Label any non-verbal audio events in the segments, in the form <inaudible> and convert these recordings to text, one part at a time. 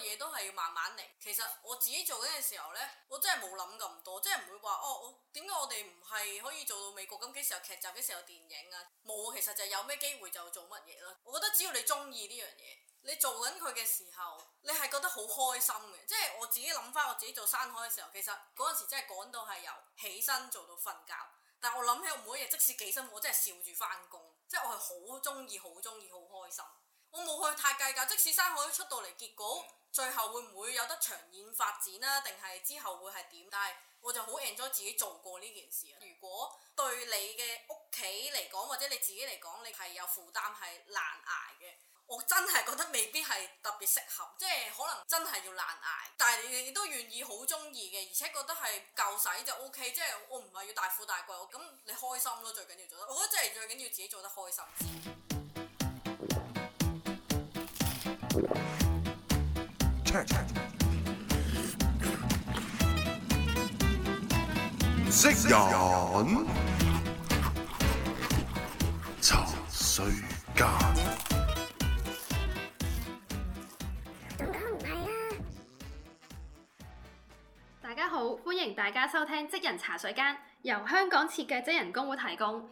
嘢都係要慢慢嚟。其實我自己做緊嘅時候呢，我真係冇諗咁多，即係唔會話哦，點解我哋唔係可以做到美國咁幾時候有劇集幾時候有電影啊？冇，其實就有咩機會就做乜嘢咯。我覺得只要你中意呢樣嘢，你做緊佢嘅時候，你係覺得好開心嘅。即係我自己諗翻我自己做山海嘅時候，其實嗰陣時真係趕到係由起身做到瞓覺。但我諗起我每一日即使幾辛苦，我真係笑住翻工，即係我係好中意、好中意、好開心。我冇去太計較，即使山海出到嚟結果。最後會唔會有得長遠發展啊？定係之後會係點？但係我就好 enjoy 自己做過呢件事啊！如果對你嘅屋企嚟講，或者你自己嚟講，你係有負擔係難捱嘅，我真係覺得未必係特別適合，即係可能真係要難捱。但係你都願意好中意嘅，而且覺得係夠使就 O K，即係我唔係要大富大貴，咁你開心咯，最緊要做得，我覺得真係最緊要自己做得開心。職人茶水間。啊、大家好，歡迎大家收聽《職人茶水間》，由香港設計職人工會提供。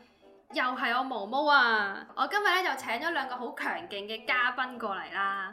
又係我毛毛啊！我今日咧就請咗兩個好強勁嘅嘉賓過嚟啦。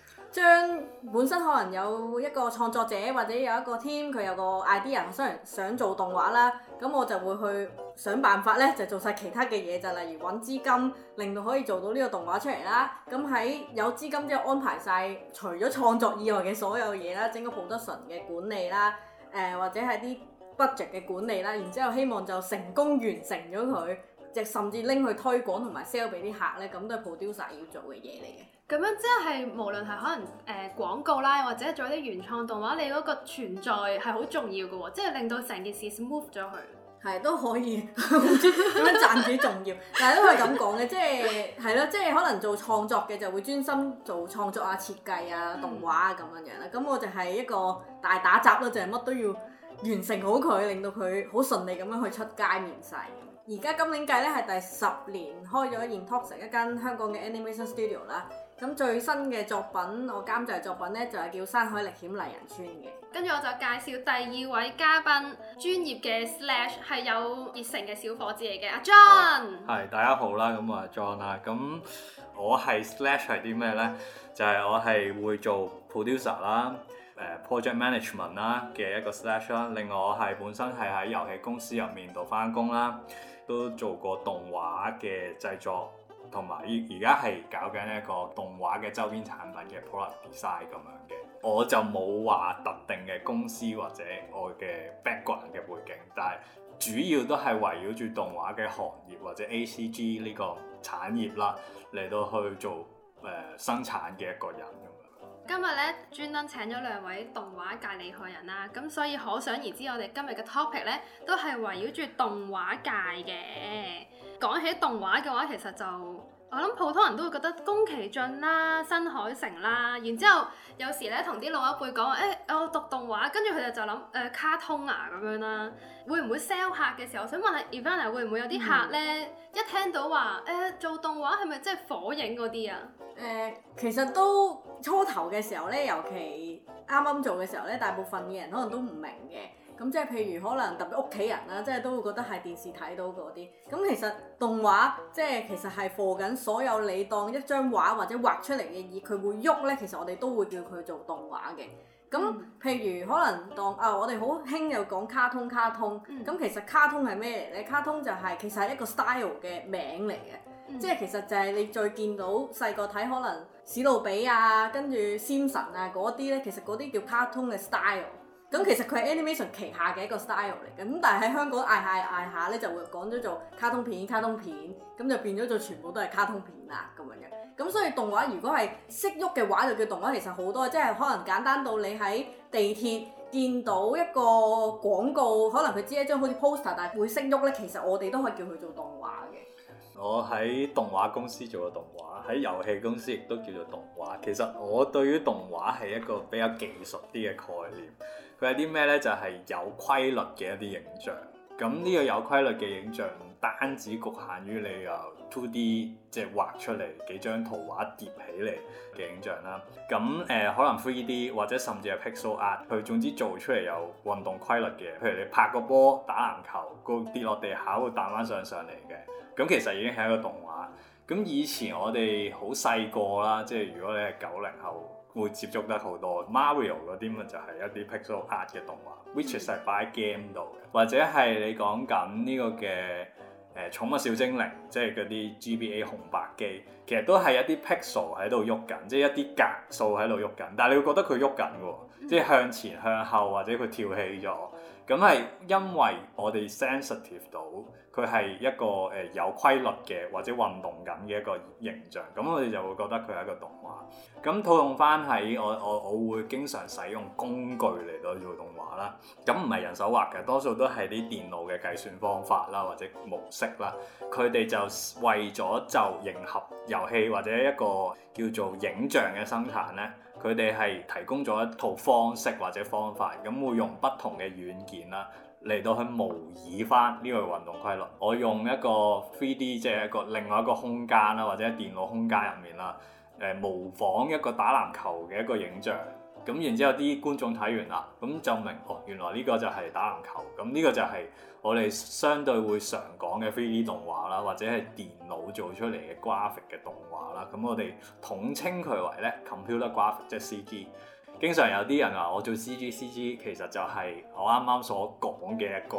將本身可能有一個創作者或者有一個 team，佢有個 idea，雖然想做動畫啦，咁我就會去想辦法咧，就做晒其他嘅嘢，就例如揾資金，令到可以做到呢個動畫出嚟啦。咁喺有資金之後安排晒除咗創作以外嘅所有嘢啦，整個 production 嘅管理啦，誒、呃、或者係啲 budget 嘅管理啦，然之後希望就成功完成咗佢。即甚至拎去推廣同埋 sell 俾啲客咧，咁都係 producer 要做嘅嘢嚟嘅。咁樣即、就、係、是、無論係可能誒、呃、廣告啦，或者做啲原創動畫，你嗰個存在係好重要嘅喎，即係令到成件事 smooth 咗佢，係都可以，點樣 <laughs> <laughs> 賺幾重要？ <laughs> 但係都係咁講嘅，即係係咯，即係可能做創作嘅就會專心做創作啊、設計啊、動畫啊咁樣樣啦。咁、嗯、我就係一個大打雜咯，就係、是、乜都要完成好佢，令到佢好順利咁樣去出街面世。而家今年計咧係第十年開咗 Intoxic，成一間香港嘅 animation studio 啦。咁最新嘅作品，我監製嘅作品咧就係叫《山海歷險麗人村》嘅。跟住我就介紹第二位嘉賓，專業嘅 Slash 係有熱誠嘅小伙子嚟嘅，阿 John。係大家好啦，咁啊 John 啊，咁我係 Slash 係啲咩咧？就係我係會做 producer 啦，誒 project management 啦嘅一個 Slash 啦。另外我係本身係喺遊戲公司入面度返工啦。都做過動畫嘅製作，同埋而家係搞緊一個動畫嘅周邊產品嘅 product design 咁樣嘅。我就冇話特定嘅公司或者我嘅 background 嘅背景，但係主要都係圍繞住動畫嘅行業或者 ACG 呢個產業啦，嚟到去做誒、呃、生產嘅一個人。今日咧，專登請咗兩位動畫界厲害人啦、啊，咁所以可想而知，我哋今日嘅 topic 咧，都係圍繞住動畫界嘅。講起動畫嘅話，其實就我諗普通人都會覺得宮崎駿啦、新海誠啦，然之後有時咧同啲老一輩講，誒、欸、我讀動畫，跟住佢哋就諗誒、呃、卡通啊咁樣啦。會唔會 sell 客嘅時候，我想問下 Ivana 會唔會有啲客咧、嗯、一聽到話誒、欸、做動畫係咪即係火影嗰啲啊？誒、呃，其實都初頭嘅時候咧，尤其啱啱做嘅時候咧，大部分嘅人可能都唔明嘅。咁即係譬如可能特別屋企人啦，即係都會覺得係電視睇到嗰啲。咁其實動畫即係其實係播緊所有你當一張畫或者畫出嚟嘅嘢，佢會喐咧。其實我哋都會叫佢做動畫嘅。咁譬如可能當啊、呃，我哋好興又講卡通，卡通咁其實卡通係咩嚟咧？卡通就係、是、其實係一個 style 嘅名嚟嘅。嗯，即係其實就係你再見到細個睇可能史努比啊，跟住 Simpsons 啊嗰啲咧，其實嗰啲叫卡通嘅 style。咁其實佢係 animation 旗下嘅一個 style 嚟嘅。咁但係喺香港嗌下嗌下咧，就會講咗做卡通片，卡通片咁就變咗做全部都係卡通片啦咁樣。咁所以動畫如果係識喐嘅話，就叫動畫。其實好多即係可能簡單到你喺地鐵見到一個廣告，可能佢知一張好似 poster，但係會識喐咧。其實我哋都可以叫佢做動畫嘅。我喺動畫公司做過動畫，喺遊戲公司亦都叫做動畫。其實我對於動畫係一個比較技術啲嘅概念。佢係啲咩呢？就係、是、有規律嘅一啲影像。咁呢個有規律嘅影像，唔單止局限於你由 2D 即係畫出嚟幾張圖畫疊起嚟嘅影像啦。咁誒、呃、可能 3D 或者甚至係 Pixel Art，佢總之做出嚟有運動規律嘅。譬如你拍個波打籃球，個跌落地下會彈翻上上嚟嘅。咁其實已經係一個動畫。咁以前我哋好細個啦，即係如果你係九零後，會接觸得好多 Mario 嗰啲咪就係一啲 pixel art 嘅動畫、嗯、which is 係擺喺 game 度嘅。或者係你講緊呢個嘅誒、呃、寵物小精靈，即係嗰啲 GBA 紅白機，其實都係一啲 pixel 喺度喐緊，即係一啲格數喺度喐緊。但係你會覺得佢喐緊㗎，即係向前、向後或者佢跳起咗。咁係因為我哋 sensitive 到佢係一個誒有規律嘅或者運動感嘅一個形象，咁我哋就會覺得佢係一個動畫。咁套用翻喺我我我會經常使用工具嚟到做動畫啦。咁唔係人手畫嘅，多數都係啲電腦嘅計算方法啦，或者模式啦。佢哋就為咗就迎合遊戲或者一個叫做影像嘅生產咧。佢哋係提供咗一套方式或者方法，咁會用不同嘅軟件啦，嚟到去模擬返呢個運動規律。我用一個 3D，即係一個另外一個空間啦，或者電腦空間入面啦，模仿一個打籃球嘅一個影像。咁然之後啲觀眾睇完啦，咁就明哦，原來呢個就係打籃球，咁呢個就係我哋相對會常講嘅 3D 動畫啦，或者係電腦做出嚟嘅 graphic 嘅動畫啦，咁我哋統稱佢為咧 computer graphic，即係 CG。經常有啲人話我做 CG，CG 其實就係我啱啱所講嘅一個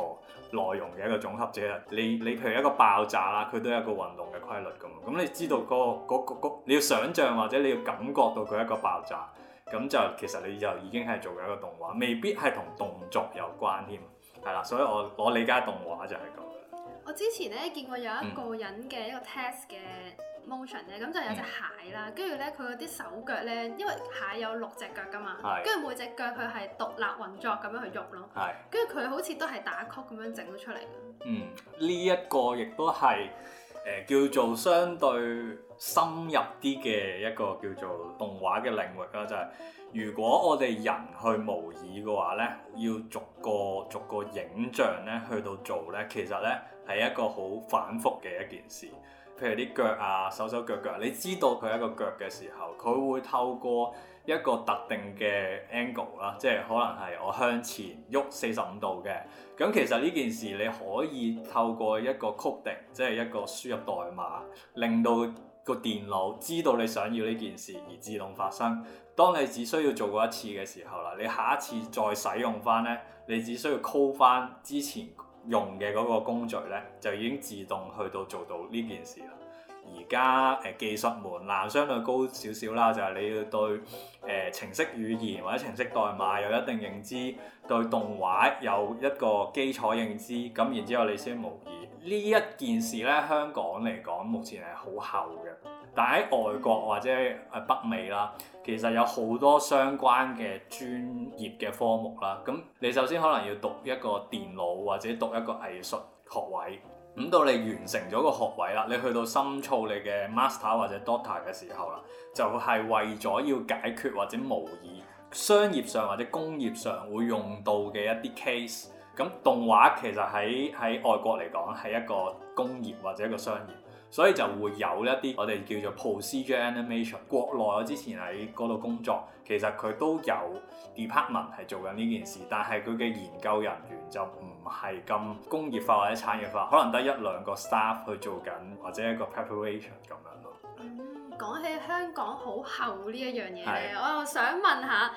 內容嘅一個總合者。你，你譬如一個爆炸啦，佢都有一個運動嘅規律㗎嘛，咁你知道個嗰，你要想像或者你要感覺到佢一個爆炸。咁就其實你就已經係做緊一個動畫，未必係同動作有關添，係啦。所以我我理解動畫就係咁。我之前咧見過有一個人嘅一個 test 嘅 motion 咧、嗯，咁就有隻蟹啦，跟住咧佢嗰啲手腳咧，因為蟹有六隻腳噶嘛，跟住是每隻腳佢係獨立運作咁樣去喐咯，跟住佢好似都係打曲咁樣整咗出嚟。嗯，呢、這、一個亦都係。誒叫做相對深入啲嘅一個叫做動畫嘅領域啦，就係如果我哋人去模擬嘅話咧，要逐個逐個影像咧去到做咧，其實咧係一個好反覆嘅一件事。譬如啲腳啊、手手腳腳，你知道佢一個腳嘅時候，佢會透過一個特定嘅 angle 啦，即係可能係我向前喐四十五度嘅。咁其實呢件事你可以透過一個 coding，即係一個輸入代碼，令到個電腦知道你想要呢件事而自動發生。當你只需要做過一次嘅時候啦，你下一次再使用翻呢，你只需要 call 翻之前用嘅嗰個工序呢，就已經自動去到做到呢件事啦。而家誒技術門檻相對高少少啦，就係、是、你要對誒程式語言或者程式代碼有一定認知，對動畫有一個基礎認知，咁然之後你先模擬呢一件事咧，香港嚟講目前係好後嘅，但喺外國或者誒北美啦，其實有好多相關嘅專業嘅科目啦，咁你首先可能要讀一個電腦或者讀一個藝術學位。咁到你完成咗個學位啦，你去到深造你嘅 master 或者 doctor 嘅時候啦，就係為咗要解決或者模擬商業上或者工業上會用到嘅一啲 case。咁動畫其實喺喺外國嚟講係一個工業或者一個商業。所以就會有一啲我哋叫做 procedural animation。國內我之前喺嗰度工作，其實佢都有 department 係做緊呢件事，但係佢嘅研究人員就唔係咁工業化或者產業化，可能得一兩個 staff 去做緊或者一個 preparation 咁樣咯、嗯。講起香港好後呢一樣嘢咧，是我又想問下，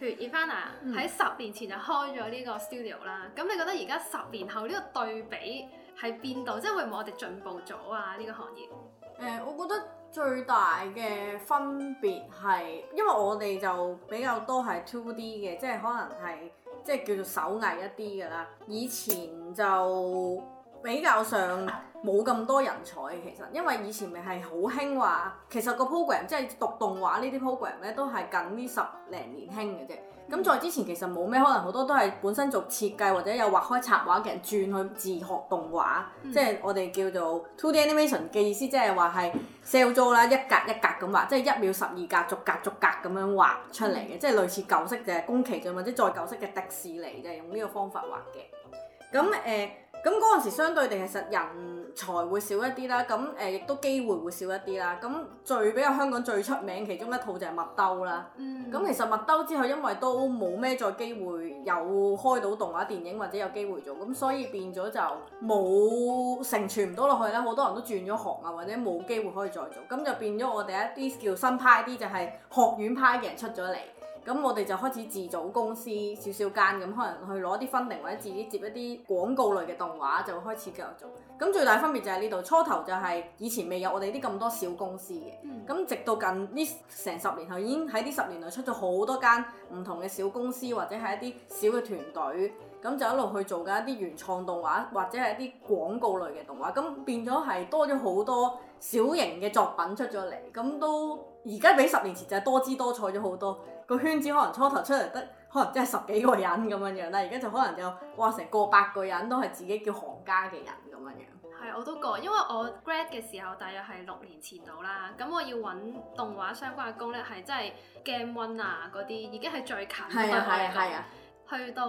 譬如 Ivana 啊、嗯，喺十年前就開咗呢個 studio 啦。咁你覺得而家十年後呢個對比？喺邊度？即係會唔會我哋進步咗啊？呢、這個行業誒、呃，我覺得最大嘅分別係，因為我哋就比較多係 two D 嘅，即係可能係即係叫做手藝一啲嘅啦。以前就比較上冇咁多人才，其實因為以前咪係好興話，其實個 program 即係讀動畫呢啲 program 咧，都係近呢十零年興嘅啫。咁再之前其實冇咩，可能好多都係本身做設計或者有畫開插畫嘅人轉去自學動畫，即係、嗯、我哋叫做 two D animation 嘅意思是是、嗯，即係話係 cell 租啦，一格一格咁畫，即係一秒十二格，逐格逐格咁樣畫出嚟嘅，即係、嗯、類似舊式嘅宮崎駿或者再舊式嘅迪士尼就係、是、用呢個方法畫嘅，咁誒。呃咁嗰陣時，相對地其實人才會少一啲啦，咁誒亦都機會會少一啲啦。咁最比較香港最出名，其中一套就係麥兜啦。咁、嗯嗯、其實麥兜之後，因為都冇咩再機會有開到動畫電影或者有機會做，咁所以變咗就冇成傳唔到落去啦。好多人都轉咗行啊，或者冇機會可以再做，咁就變咗我哋一啲叫新派啲，就係、是、學院派嘅人出咗嚟。咁我哋就開始自組公司，少少間咁，可能去攞啲分定，或者自己接一啲廣告類嘅動畫，就開始繼續做。咁最大分別就係呢度，初頭就係以前未有我哋啲咁多小公司嘅。咁、嗯、直到近呢成十年後，已經喺呢十年內出咗好多間唔同嘅小公司，或者係一啲小嘅團隊，咁就一路去做緊一啲原創動畫，或者係一啲廣告類嘅動畫。咁變咗係多咗好多小型嘅作品出咗嚟，咁都而家比十年前就係多姿多彩咗好多。個圈子可能初頭出嚟得，可能真係十幾個人咁樣樣啦，而家就可能有，哇成個百個人都係自己叫行家嘅人咁樣樣。係啊，我都覺，因為我 grad 嘅時候，大約係六年前度啦，咁我要揾動畫相關嘅工呢，係真係 game one 啊啲，已經係最近翻。係啊！去到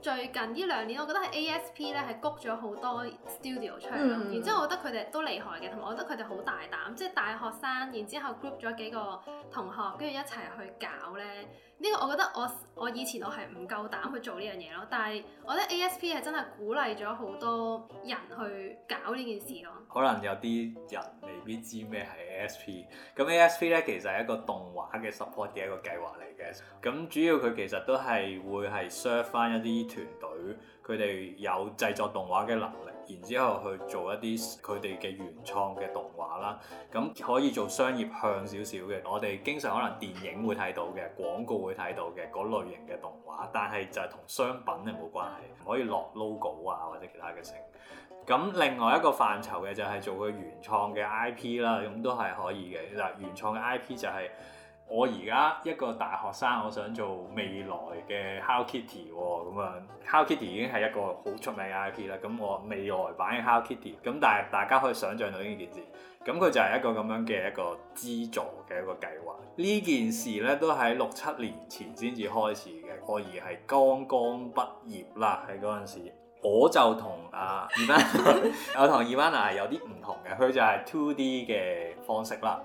最近呢兩年，我覺得係 ASP 咧係谷咗好多 studio 出嚟，嗯、然之後我覺得佢哋都厲害嘅，同埋我覺得佢哋好大膽，即係大學生，然之後 group 咗幾個同學跟住一齊去搞咧。呢個我覺得我我以前我係唔夠膽去做呢樣嘢咯，但係我覺得 ASP 係真係鼓勵咗好多人去搞呢件事咯。可能有啲人未必知咩係 ASP，咁 ASP 咧其實係一個動畫嘅 support 嘅一個計劃嚟嘅，咁主要佢其實都係會係 serve 返一啲團隊佢哋有製作動畫嘅能力。然之後去做一啲佢哋嘅原創嘅動畫啦，咁可以做商業向少少嘅。我哋經常可能電影會睇到嘅，廣告會睇到嘅嗰類型嘅動畫，但係就係同商品係冇關係，唔可以落 logo 啊或者其他嘅成。咁另外一個範疇嘅就係做個原創嘅 IP 啦，咁都係可以嘅。嗱，原創嘅 IP 就係、是。我而家一個大學生，我想做未來嘅 Hello Kitty 喎，咁樣 Hello Kitty 已經係一個好出名嘅 IP 啦。咁我未來版嘅 Hello Kitty，咁但係大家可以想象到呢件事，咁佢就係一個咁樣嘅一個資助嘅一個計劃。呢件事咧都喺六七年前先至開始嘅，我而係剛剛畢業啦，喺嗰陣時，我就同啊，而家 <laughs> <laughs> 我同 Ivana 有啲唔同嘅，佢就係 two D 嘅方式啦。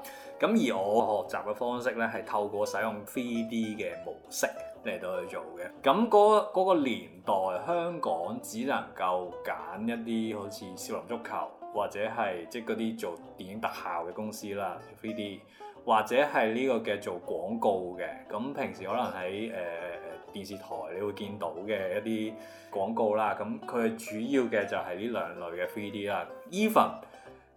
咁而我學習嘅方式咧，係透過使用 3D 嘅模式嚟到去做嘅。咁嗰個年代，香港只能夠揀一啲好似少林足球，或者係即係嗰啲做電影特效嘅公司啦，3D，或者係呢個嘅做廣告嘅。咁平時可能喺誒、呃、電視台你會見到嘅一啲廣告啦。咁佢主要嘅就係呢兩類嘅 3D 啦。Even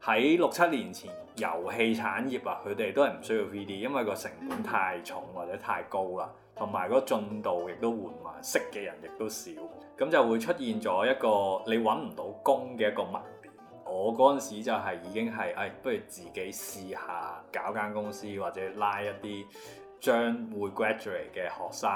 喺六七年前，遊戲產業啊，佢哋都係唔需要 VD，因為個成本太重或者太高啦，同埋個進度亦都緩慢，識嘅人亦都少，咁就會出現咗一個你揾唔到工嘅一個盲點。我嗰陣時就係已經係，誒，不如自己試下搞間公司，或者拉一啲將會 graduate 嘅學生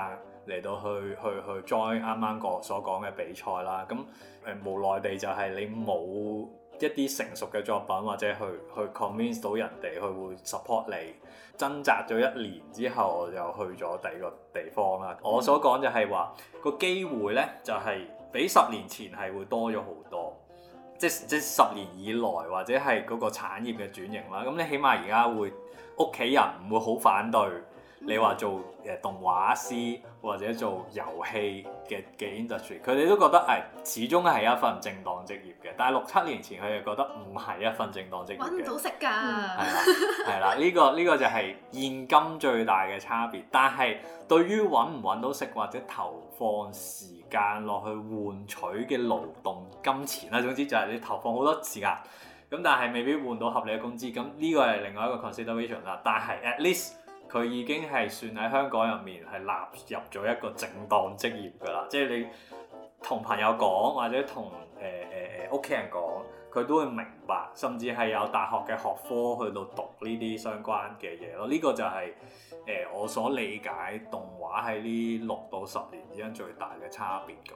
嚟到去去去 join 啱啱個所講嘅比賽啦。咁誒、呃、無奈地就係你冇。一啲成熟嘅作品，或者去去 convince 到人哋佢會 support 你，掙扎咗一年之後，我就去咗第二個地方啦。我所講就係話個機會咧，就係比十年前係會多咗好多，即即十年以來或者係嗰個產業嘅轉型啦。咁你起碼而家會屋企人唔會好反對。你話做誒動畫師或者做遊戲嘅嘅 industry，佢哋都覺得誒始終係一份正當職業嘅。但係六七年前佢哋覺得唔係一份正當職業，揾唔到食㗎、嗯。係啦， <laughs> 係啦，呢、呢個呢、呢個就係現今最大嘅差別。但係對於揾唔揾到食或者投放時間落去換取嘅勞動金錢啦，總之就係你投放好多時間，咁但係未必換到合理嘅工資。咁呢個係另外一個 consideration 啦。但係 at least 佢已經係算喺香港入面係納入咗一個正當職業㗎啦，即係你同朋友講或者同誒誒誒屋企人講，佢都會明白，甚至係有大學嘅學科去到讀呢啲相關嘅嘢咯。呢個就係誒我所理解動畫喺呢六到十年之間最大嘅差別咁。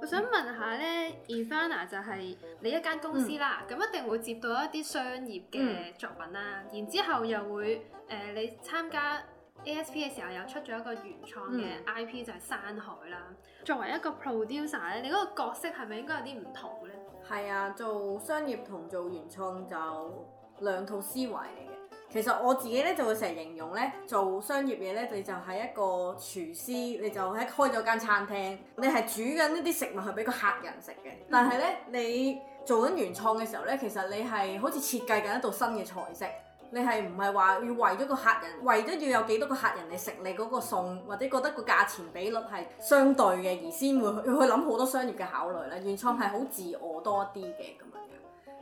我想問下咧，Infana 就係你一間公司啦，咁、嗯、一定會接到一啲商業嘅作品啦，嗯、然之後又會誒、呃、你參加 ASP 嘅時候又出咗一個原創嘅 IP、嗯、就係《山海》啦。作為一個 producer 咧，你嗰個角色係咪應該有啲唔同咧？係啊，做商業同做原創就兩套思維嚟嘅。其實我自己咧就會成日形容咧做商業嘢咧，你就係一個廚師，你就喺開咗間餐廳，你係煮緊一啲食物去俾個客人食嘅。但係咧，你做緊原創嘅時候咧，其實你係好似設計緊一道新嘅菜式，你係唔係話要為咗個客人，為咗要有幾多個客人嚟食你嗰個餸，或者覺得個價錢比率係相對嘅，而先會去諗好多商業嘅考慮咧。原創係好自我多啲嘅咁。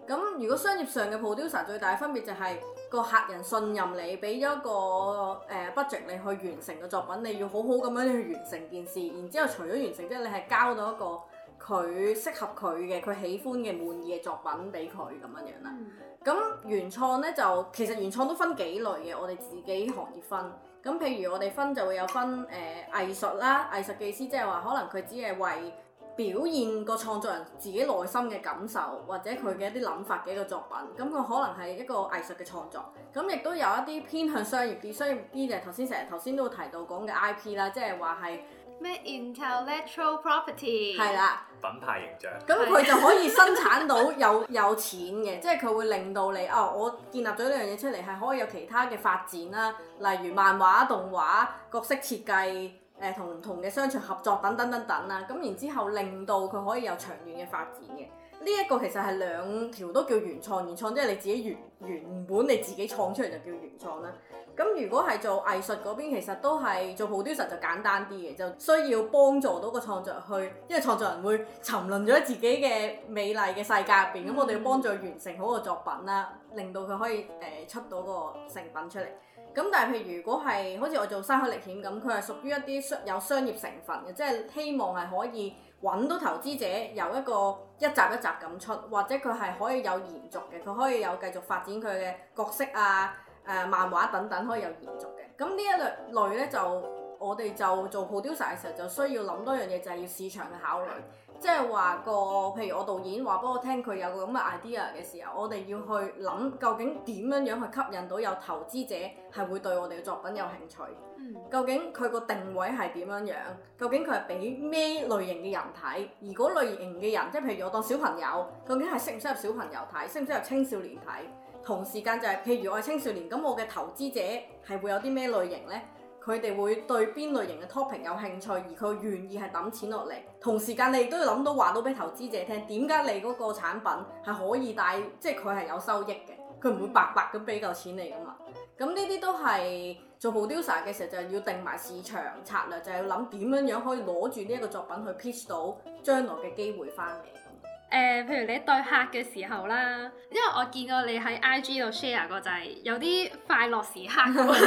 咁如果商業上嘅 producer 最大分別就係個客人信任你，俾咗一個誒 budget 你去完成嘅作品，你要好好咁樣去完成件事。然之後除咗完成之後，你係交到一個佢適合佢嘅、佢喜歡嘅、滿意嘅作品俾佢咁樣樣啦。咁、嗯、原創咧就其實原創都分幾類嘅，我哋自己行業分。咁譬如我哋分就會有分誒藝術啦，藝術嘅意思即係話可能佢只係為，表現個創作人自己內心嘅感受，或者佢嘅一啲諗法嘅一個作品，咁佢可能係一個藝術嘅創作，咁亦都有一啲偏向商業啲，商業啲就係頭先成日頭先都提到講嘅 I P 啦，即係話係咩 intellectual property，係啦，品牌形象。咁佢就可以生產到有 <laughs> 有錢嘅，即係佢會令到你哦，我建立咗呢樣嘢出嚟係可以有其他嘅發展啦，例如漫畫、動畫、角色設計。誒同唔同嘅商場合作等等等等啦，咁然之後令到佢可以有長遠嘅發展嘅，呢一個其實係兩條都叫原創，原創即係你自己原原本你自己創出嚟就叫原創啦。咁如果係做藝術嗰邊，其實都係做好啲，實就簡單啲嘅，就需要幫助到個創作去，因為創作人會沉淪咗自己嘅美麗嘅世界入邊。咁我哋要幫助佢完成好個作品啦，令到佢可以誒、呃、出到個成品出嚟。咁但係譬如果係好似我做《山海歷險》咁，佢係屬於一啲商有商業成分嘅，即係希望係可以揾到投資者，有一個一集一集咁出，或者佢係可以有延續嘅，佢可以有繼續發展佢嘅角色啊。誒、呃、漫畫等等可以有延續嘅，咁呢一類類咧就我哋就 <music> 做 producer 嘅時候就需要諗多樣嘢，就係要市場嘅考慮，即係話個譬如我導演話俾我聽佢有個咁嘅 idea 嘅時候，我哋要去諗究竟點樣樣去吸引到有投資者係會對我哋嘅作品有興趣，嗯、究竟佢個定位係點樣樣，究竟佢係俾咩類型嘅人睇，而嗰類型嘅人即係譬如我當小朋友，究竟係適唔適合小朋友睇，適唔適合青少年睇？同時間就係，譬如我係青少年，咁我嘅投資者係會有啲咩類型呢？佢哋會對邊類型嘅 topic 有興趣，而佢願意係揼錢落嚟。同時間你都要諗到話到俾投資者聽，點解你嗰個產品係可以帶，即係佢係有收益嘅，佢唔會白白咁俾夠錢你噶嘛。咁呢啲都係做 producer 嘅時候就要定埋市場策略，就係要諗點樣樣可以攞住呢一個作品去 pitch 到將來嘅機會翻嚟。誒、呃，譬如你對客嘅時候啦，因為我見過你喺 IG 度 share 個就係有啲快樂時刻，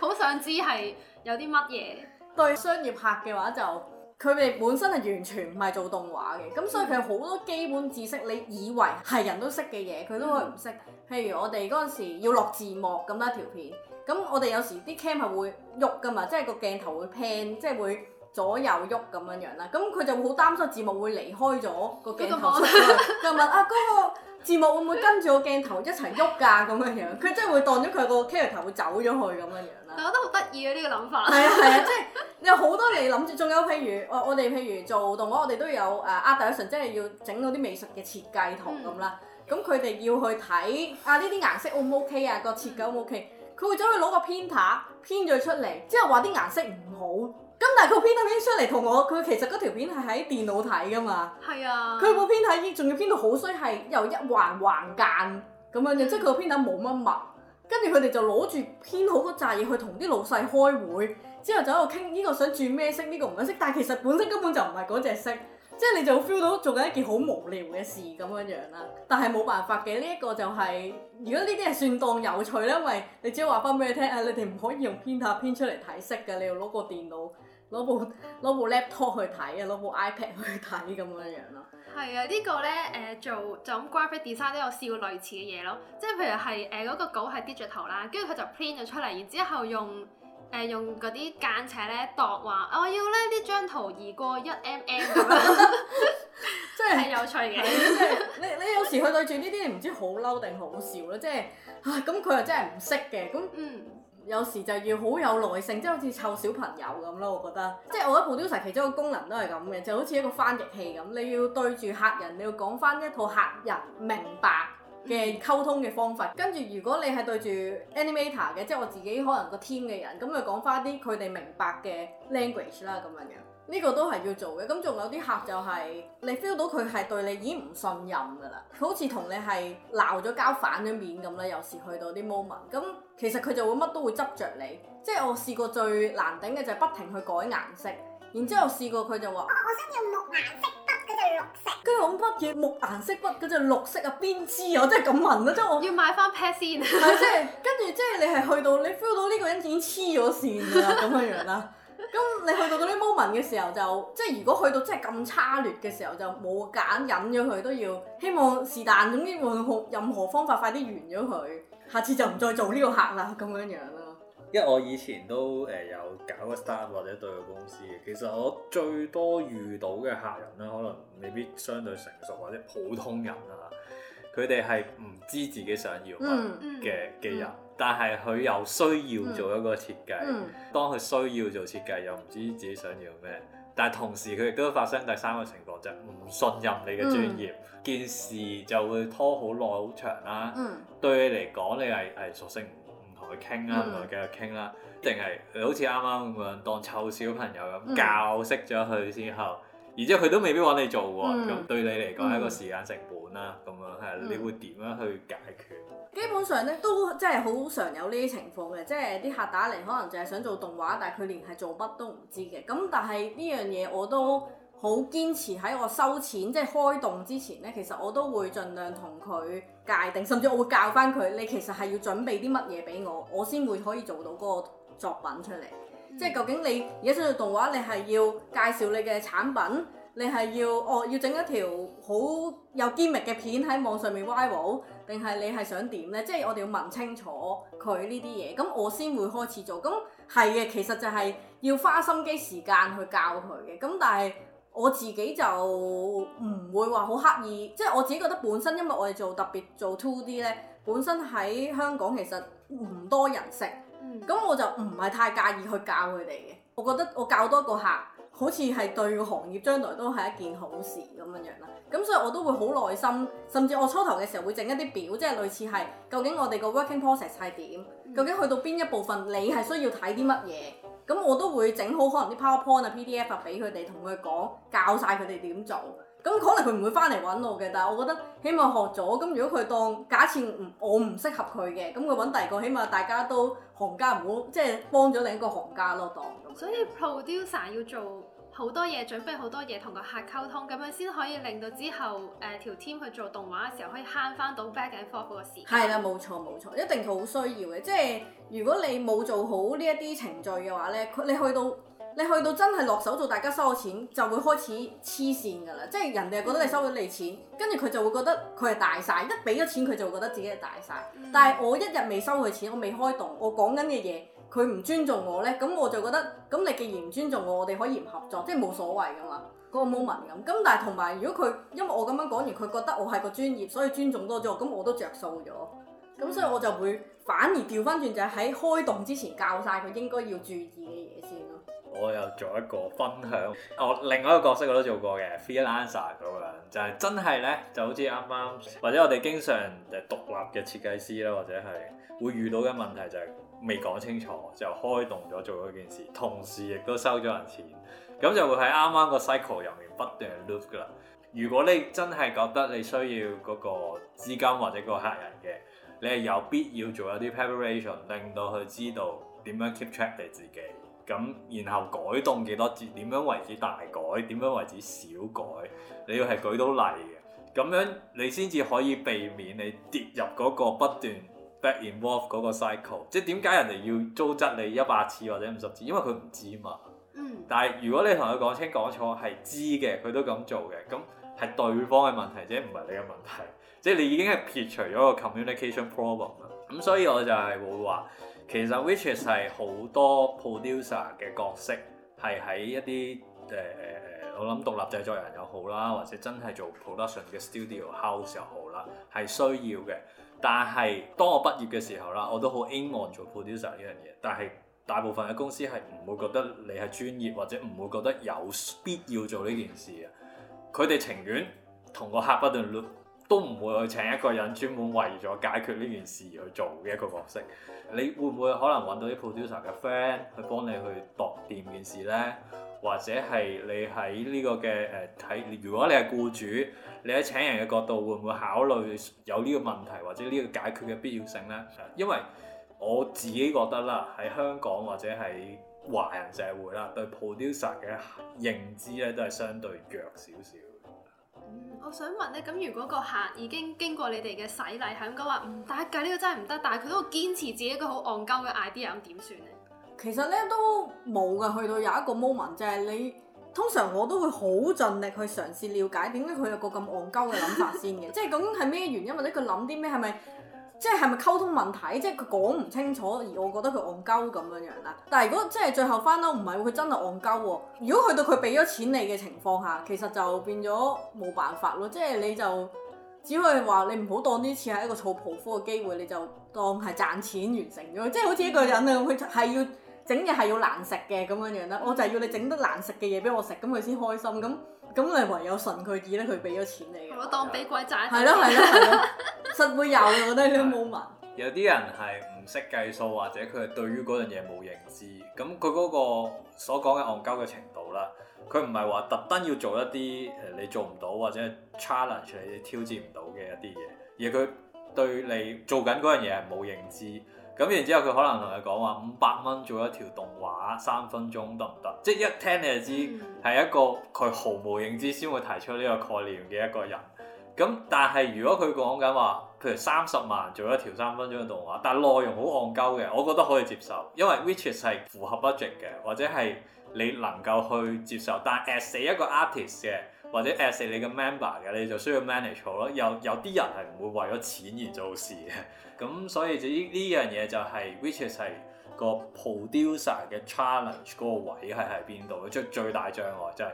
好 <laughs> <laughs> 想知係有啲乜嘢。對商業客嘅話就，佢哋本身係完全唔係做動畫嘅，咁所以佢好多基本知識，你以為係人都識嘅嘢，佢都會唔識。譬如我哋嗰陣時要落字幕咁啦條片，咁我哋有時啲 cam 係會喐噶嘛，即係個鏡頭會 pan、嗯、即係會，左右喐咁樣樣啦，咁佢就會好擔心字幕會離開咗個鏡頭出啦。就樣 <laughs> 問啊，嗰、嗰個字幕會唔會跟住個鏡頭一齊喐噶咁樣樣？佢真係會當咗佢個 camera 會走咗去咁樣樣啦。但我覺得好得意啊！呢個諗法。係啊係啊，即係、 <laughs> 就是、有好多嘢諗住，仲有譬如我我哋譬如做動畫，我哋都有誒 artist 即係要整到啲美術嘅設計圖咁啦。咁佢哋要去睇啊呢啲顏色 O 唔 O K 啊，個設計 O 唔 O K？佢會走去攞個 painter 編咗出嚟，之後話啲顏色唔好。咁但係佢編打編出嚟同我，佢其實嗰條片係喺電腦睇㗎嘛。係是啊。佢部編打仲要編到好衰，係由一橫橫間咁樣樣，嗯、即係佢個編打冇乜密。跟住佢哋就攞住編好嗰扎嘢去同啲老細開會，之後就喺度傾呢個想轉咩色，呢、這個唔緊色，但係其實本身根本就唔係嗰隻色，即係你就 feel 到做緊一件好無聊嘅事咁樣樣啦。但係冇辦法嘅，呢、這、一個就係、是、如果呢啲係算當有趣咧，因為你只要話翻俾你聽，啊你哋唔可以用編打編出嚟睇色嘅，你要攞個電腦。攞部攞部 laptop 去睇啊，攞部 ipad 去睇咁樣樣咯。係啊，呢個咧，誒做就咁 graphic design 都有試過類似嘅嘢咯。即係譬如係誒嗰個稿係 digital 啦，跟住佢就 plan 咗出嚟，然之後用誒用嗰啲間尺咧度話，我要咧呢張圖移過一 mm。即係係有趣嘅。你 <laughs> <laughs> <laughs> 你有時佢對住呢啲唔知好嬲定好笑咧，即係啊，咁佢又真係唔識嘅咁。 <laughs> 有時就要好有耐性，即係好似湊小朋友咁咯，我覺得。即係我哋 producer 其中一個功能都係咁嘅，就好似一個翻譯器咁，你要對住客人，你要講翻一套客人明白嘅溝通嘅方法。跟住如果你係對住 Animator 嘅，即係我自己可能個 team 嘅人，咁咪講翻啲佢哋明白嘅 language 啦，咁樣樣。呢個都係要做嘅，咁仲有啲客就係、是、你 feel 到佢係對你已經唔信任㗎啦，佢好似同你係鬧咗交反咗面咁啦，有時去到啲 moment，咁其實佢就會乜都會執着你，即係我試過最難頂嘅就係不停去改顏色，然之後試過佢就話：我想要我木顏色筆嗰隻綠色，跟住我乜嘢木顏色筆嗰隻綠色啊，邊支啊？我真係咁問啊，真我要買翻撇先，即係跟住即係你係去到你 feel 到呢個人已經黐咗線啦，咁嘅樣啦。 <laughs> 咁 <laughs> 你去到嗰啲 moment 嘅時候就，就即係如果去到真係咁差劣嘅時候，就冇揀忍咗佢都要，希望是但總之用何任何方法快啲完咗佢，下次就唔再做呢個客啦咁樣樣咯。因為我以前都誒有搞個 staff 或者對個公司嘅，其實我最多遇到嘅客人咧，可能未必相對成熟或者普通人啊，佢哋係唔知自己想要乜嘢嘅人。嗯嗯嗯但係佢又需要做一個設計，嗯、當佢需要做設計又唔知自己想要咩，但係同時佢亦都發生第三個情況就係唔信任你嘅專業，嗯、件事就會拖好耐好長啦。嗯、對你嚟講，你係係索性唔同佢傾啦，唔同佢繼續傾啦，定係好似啱啱咁樣當湊小朋友咁、嗯、教識咗佢之後，然之後佢都未必揾你做喎。咁、嗯、對你嚟講係一個時間成本啦，咁樣係你會點樣去解決？基本上咧都即係好常有呢啲情況嘅，即係啲客打嚟可能就係想做動畫，但係佢連係做乜都唔知嘅。咁但係呢樣嘢我都好堅持喺我收錢即係開動之前咧，其實我都會盡量同佢界定，甚至我會教翻佢，你其實係要準備啲乜嘢俾我，我先會可以做到嗰個作品出嚟。即係究竟你而家想做動畫，你係要介紹你嘅產品。你係要哦，要整一條好有機密嘅片喺網上面歪舞，定係你係想點呢？即係我哋要問清楚佢呢啲嘢，咁我先會開始做。咁係嘅，其實就係要花心機時間去教佢嘅。咁但係我自己就唔會話好刻意，即係我自己覺得本身因為我哋做特別做 two D 呢，本身喺香港其實唔多人識，咁我就唔係太介意去教佢哋嘅。我覺得我教多個客。好似係對個行業將來都係一件好事咁樣樣啦，咁所以我都會好耐心，甚至我初頭嘅時候會整一啲表，即係類似係究竟我哋個 working process 係點，究竟去到邊一部分你係需要睇啲乜嘢，咁我都會整好可能啲 PowerPoint 啊 PDF 啊俾佢哋，同佢講教晒佢哋點做。咁可能佢唔會翻嚟揾我嘅，但係我覺得起碼，希望學咗。咁如果佢當假設唔我唔適合佢嘅，咁佢揾第二個，起碼大家都行家唔好，即係幫咗另一個行家咯。當所以 producer 要做好多嘢，準備好多嘢，同個客溝通，咁樣先可以令到之後誒條 team 去做動畫嘅時候，可以慳翻到 back and forth 嗰個時間。係啦，冇錯冇錯，一定好需要嘅。即係如果你冇做好呢一啲程序嘅話咧，佢你去到。你去到真係落手做，大家收咗錢就會開始黐線㗎啦。即係人哋覺得你收咗你錢，跟住佢就會覺得佢係大晒。一俾咗錢，佢就會覺得自己係大晒。但係我一日未收佢錢，我未開動，我講緊嘅嘢，佢唔尊重我呢。咁我就覺得咁你既然唔尊重我，我哋可以唔合作，即係冇所謂㗎嘛，嗰個 moment 咁。咁但係同埋如果佢因為我咁樣講完，佢覺得我係個專業，所以尊重多咗，咁我都着數咗。咁所以我就會反而調翻轉，就係喺開動之前教晒佢應該要注意。我又做一個分享，我另外一個角色我都做過嘅 freelancer 咁樣，就係真係呢，就好似啱啱或者我哋經常誒獨立嘅設計師啦，或者係會遇到嘅問題就係未講清楚就開動咗做嗰件事，同時亦都收咗人錢，咁就會喺啱啱個 cycle 入面不斷去 loop 噶啦。如果你真係覺得你需要嗰個資金或者嗰個客人嘅，你係有必要做一啲 preparation，令到佢知道點樣 keep track 你自己。咁，然後改動幾多節？點樣為止大改？點樣為止小改？你要係舉到例嘅，咁樣你先至可以避免你跌入嗰個不斷 back and forth 嗰個 cycle。即係點解人哋要糟質你一百次或者五十次？因為佢唔知嘛。但係如果你同佢講清講錯係知嘅，佢都咁做嘅，咁係對方嘅問題啫，唔係你嘅問題。即係你已經係撇除咗個 communication problem 啦。咁所以我就係會話。其實 which is 係好多 producer 嘅角色係喺一啲誒、呃、我諗獨立製作人又好啦，或者真係做 production 嘅 studio house 又好啦，係需要嘅。但係當我畢業嘅時候啦，我都好 in want 做 producer 呢樣嘢。但係大部分嘅公司係唔會覺得你係專業，或者唔會覺得有必要做呢件事嘅。佢哋情願同個客不斷路。都唔會去請一個人專門為咗解決呢件事而去做嘅一個角色。你會唔會可能揾到啲 producer 嘅 friend 去幫你去度掂件事呢？或者係你喺呢個嘅誒睇，如果你係僱主，你喺請人嘅角度會唔會考慮有呢個問題或者呢個解決嘅必要性呢？因為我自己覺得啦，喺香港或者係華人社會啦，對 producer 嘅認知咧都係相對弱少少。嗯、我想問咧，咁如果個客已經經過你哋嘅洗禮，係咁講，話唔得㗎，呢個真係唔得，但係佢都堅持自己一個好戇鳩嘅 idea，咁點算呢？其實咧都冇噶，去到有一個 moment 就係你通常我都會好盡力去嘗試了解，點解佢有個咁戇鳩嘅諗法先嘅， <laughs> 即係究竟係咩原因，或者佢諗啲咩係咪？是。即係係咪溝通問題？即係佢講唔清楚，而我覺得佢戇鳩咁樣樣啦。但係如果即係最後翻啦，唔係，佢真係戇鳩喎。如果去到佢俾咗錢你嘅情況下，其實就變咗冇辦法咯。即係你就只可以話你唔好當呢次係一個做暴富嘅機會，你就當係賺錢完成咗。即係好似一個人啊，佢係要整嘢係要難食嘅咁樣樣啦。我就係要你整得難食嘅嘢俾我食，咁佢先開心咁。咁誒唯有順佢意咧，佢俾咗錢你嘅，我當俾鬼仔。係咯係咯係咯，實會有嘅， <laughs> 我覺得你都冇問。有啲人係唔識計數，或者佢係對於嗰樣嘢冇認知。咁佢嗰個所講嘅戇鳩嘅程度啦，佢唔係話特登要做一啲誒你做唔到或者 challenge 你挑戰唔到嘅一啲嘢，而佢對你做緊嗰樣嘢係冇認知。咁然之後佢可能同你講話，五百蚊做一條動畫三分鐘得唔得？即係一聽你就知係一個佢毫無認知先會提出呢個概念嘅一個人。咁但係如果佢講緊話，譬如三十萬做一條三分鐘嘅動畫，但係內容好戇鳩嘅，我覺得可以接受，因為 which is 係符合 budget 嘅，或者係你能夠去接受。但 as 一個 artist 嘅。或者 as 你嘅 member 嘅，你就需要 manage 好咯。有有啲人係唔會為咗錢而做事嘅，咁所以呢呢樣嘢就係、是、which 係個 producer 嘅 challenge 嗰個位係喺邊度？即係最大障礙就係、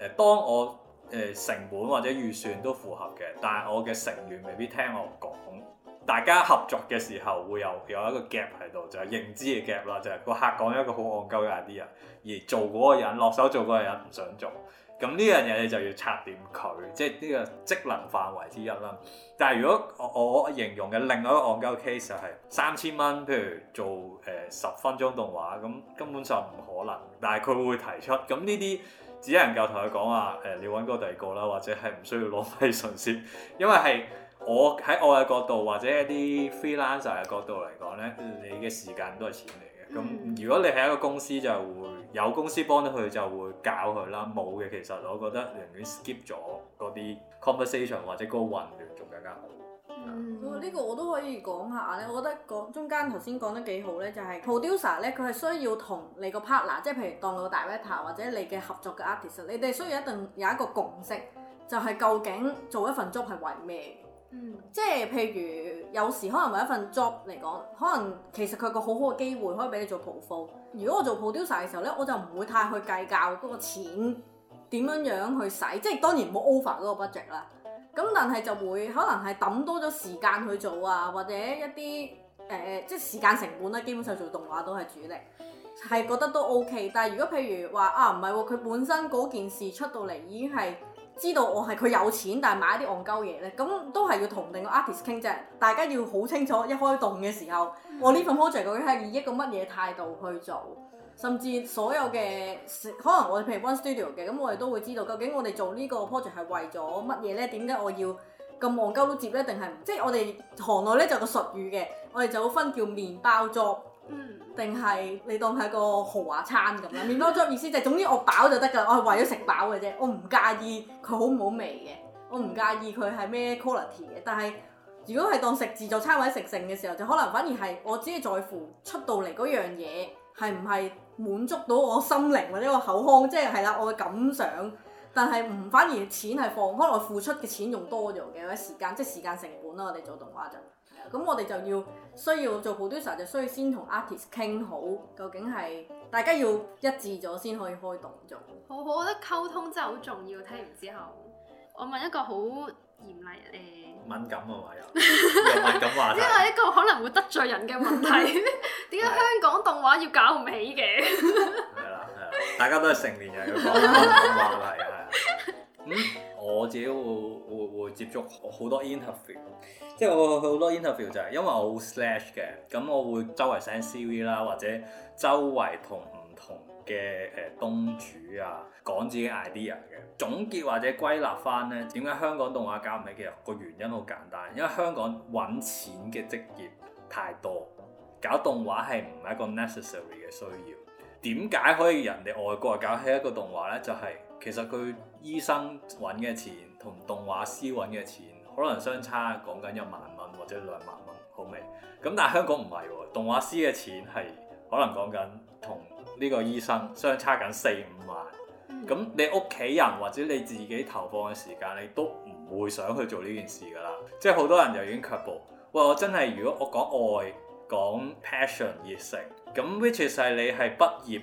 是、誒，當我誒成本或者預算都符合嘅，但係我嘅成員未必聽我講。大家合作嘅時候會有有一個 gap 喺度，就係、是、認知嘅 gap 啦，就係個客講一個好戇鳩嘅 idea，而做嗰個人落手做嗰個人唔想做。咁呢樣嘢你就要擦掂佢，即係呢個職能範圍之一啦。但係如果我我形容嘅另外一個戇鳩 case 就係、是、三千蚊，譬如做誒十分鐘動畫，咁根本就唔可能。但係佢會提出咁呢啲，只能夠同佢講話誒，你揾個第二個啦，或者係唔需要攞費訊息，因為係我喺我嘅角度或者一啲 freelancer 嘅角度嚟講呢，你嘅時間都係錢嚟嘅。咁如果你係一個公司就會。有公司幫到佢就會搞佢啦，冇嘅，其實我覺得寧願 skip 咗嗰啲 conversation 或者個混亂仲更加好。嗯、呢、嗯、個我都可以講下咧。我覺得講中間頭先講得幾好咧，就係、是、producer 咧，佢係需要同你個 partner，即係譬如當你個 director 或者你嘅合作嘅 artist，你哋需要一定有一個共識，就係、是、究竟做一份 job 係為咩？嗯，即係譬如有時可能為一份 job 嚟講，可能其實佢個好好嘅機會可以俾你做 proposal，如果我做 proposal 嘅時候呢，我就唔會太去計較嗰個錢點樣樣去使，即係當然冇 over 嗰個 budget 啦。咁但係就會可能係抌多咗時間去做啊，或者一啲誒、呃、即係時間成本啦、啊，基本上做動畫都係主力，係覺得都 OK。但係如果譬如話啊，唔係喎，佢本身嗰件事出到嚟已經係。知道我係佢有錢，但係買一啲戇鳩嘢咧，咁都係要同定個 artist 傾啫。大家要好清楚一開動嘅時候，我呢份 project 究竟係以一個乜嘢態度去做，甚至所有嘅可能我哋譬如 One Studio 嘅，咁我哋都會知道究竟我哋做呢個 project 係為咗乜嘢咧？點解我要咁戇鳩都接咧？定係即係我哋行內咧就有個術語嘅，我哋就會分叫麪包作。嗯，定係你當係個豪華餐咁樣，麪包作意思就係，總之我飽就得噶啦，我係為咗食飽嘅啫，我唔介意佢好唔好味嘅，我唔介意佢係咩 quality 嘅。但係如果係當食自助餐或者食剩嘅時候，就可能反而係我只係在乎出到嚟嗰樣嘢係唔係滿足到我心靈或者我口腔，即係係啦，我嘅感想。但係唔反而錢係放，可能我付出嘅錢用多咗嘅，或者時間即係時間成本啦。我哋做動畫就。咁我哋就要需要做 producer，就需要先同 artist 傾好，究竟係大家要一致咗先可以開動咗。好，我覺得溝通真係好重要。聽完之後，我問一個好嚴厲誒，呃、敏感敏感話又，敏感話，因為一個可能會得罪人嘅問題，點解香港動畫要搞唔起嘅？係啦，係啦，大家都係成年人講嘅話題，係。 <laughs> 嗯我自己會會會接觸好多 interview，即係我好多 interview 就係因為我會 slash 嘅，咁我會周圍寫 CV 啦，或者周圍同唔同嘅誒東主啊講自己 idea 嘅。總結或者歸納翻呢，點解香港動畫搞唔起嘅？個原因好簡單，因為香港揾錢嘅職業太多，搞動畫係唔係一個 necessary 嘅需要。點解可以人哋外國搞起一個動畫呢？就係、是其實佢醫生揾嘅錢同動畫師揾嘅錢可能相差講緊一萬蚊或者兩萬蚊好味。咁但係香港唔係喎，動畫師嘅錢係可能講緊同呢個醫生相差緊四五萬。咁你屋企人或者你自己投放嘅時間，你都唔會想去做呢件事㗎啦。即係好多人就已經卻步。喂，我真係如果我講愛、講 passion、熱誠，咁 which is 係你係畢業？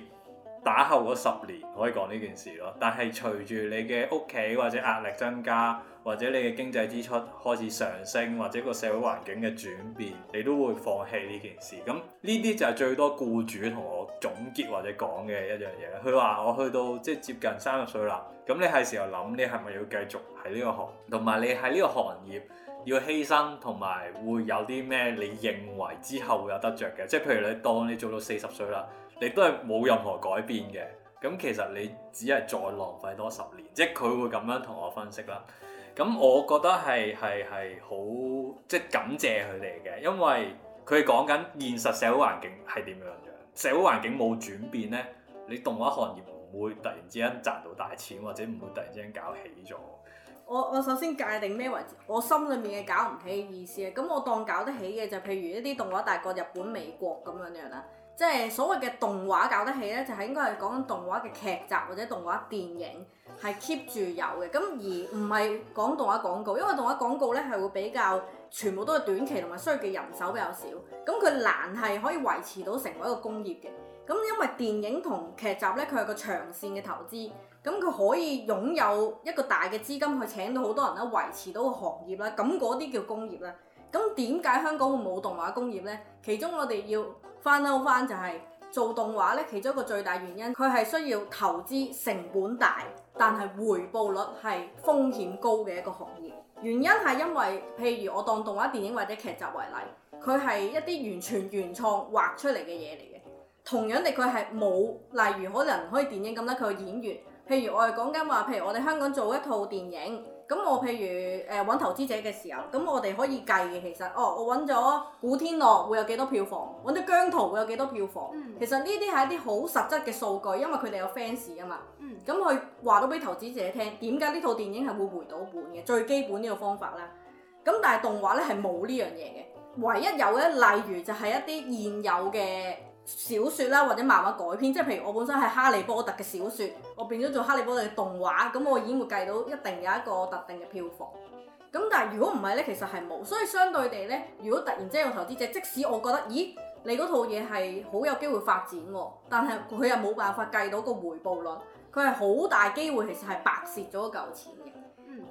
打後嗰十年可以講呢件事咯，但係隨住你嘅屋企或者壓力增加，或者你嘅經濟支出開始上升，或者個社會環境嘅轉變，你都會放棄呢件事。咁呢啲就係最多僱主同我總結或者講嘅一樣嘢。佢話：「我去到即係、就是、接近三十歲啦，咁你係時候諗，你係咪要繼續喺呢個行，同埋你喺呢個行業要犧牲，同埋會有啲咩你認為之後會有得着嘅，即係譬如你當你做到四十歲啦。」亦都係冇任何改變嘅，咁其實你只係再浪費多十年，即係佢會咁樣同我分析啦。咁我覺得係係係好即係感謝佢哋嘅，因為佢哋講緊現實社會環境係點樣樣，社會環境冇轉變呢，你動畫行業唔會突然之間賺到大錢，或者唔會突然之間搞起咗。我我首先界定咩為我心裡面嘅搞唔起嘅意思啊？咁我當搞得起嘅就譬如一啲動畫大國日本、美國咁樣樣啦。即係所謂嘅動畫搞得起咧，就係，應該係講緊動畫嘅劇集或者動畫電影係 keep 住有嘅。咁而唔係講動畫廣告，因為動畫廣告咧係會比較全部都係短期同埋需要嘅人手比較少，咁佢難係可以維持到成為一個工業嘅。咁因為電影同劇集咧，佢係個長線嘅投資，咁佢可以擁有一個大嘅資金去請到好多人啦，維持到個行業啦。咁嗰啲叫工業啦。咁點解香港會冇動畫工業咧？其中我哋要翻嬲翻就係、是、做動畫咧，其中一個最大原因，佢係需要投資成本大，但係回報率係風險高嘅一個行業。原因係因為譬如我當動畫電影或者劇集為例，佢係一啲完全原創畫出嚟嘅嘢嚟嘅，同樣地佢係冇，例如可能可以電影咁啦，佢有演員。譬如我哋講緊話，譬如我哋香港做一套電影。咁我譬如誒揾、呃、投資者嘅時候，咁我哋可以計嘅其實，哦，我揾咗古天樂會有幾多票房，揾咗姜濤會有幾多票房。嗯、其實呢啲係一啲好實質嘅數據，因為佢哋有 fans 啊嘛。咁佢話到俾投資者聽，點解呢套電影係會回到本嘅最基本呢個方法啦。咁但係動畫咧係冇呢樣嘢嘅，唯一有咧，例如就係一啲現有嘅。小説啦，或者漫畫改編，即係譬如我本身係《哈利波特》嘅小説，我變咗做《哈利波特》嘅動畫，咁我已經會計到一定有一個特定嘅票房。咁但係如果唔係呢，其實係冇，所以相對地呢，如果突然之間有投資者，即使我覺得，咦，你嗰套嘢係好有機會發展喎，但係佢又冇辦法計到個回報率，佢係好大機會其實係白蝕咗嚿錢嘅。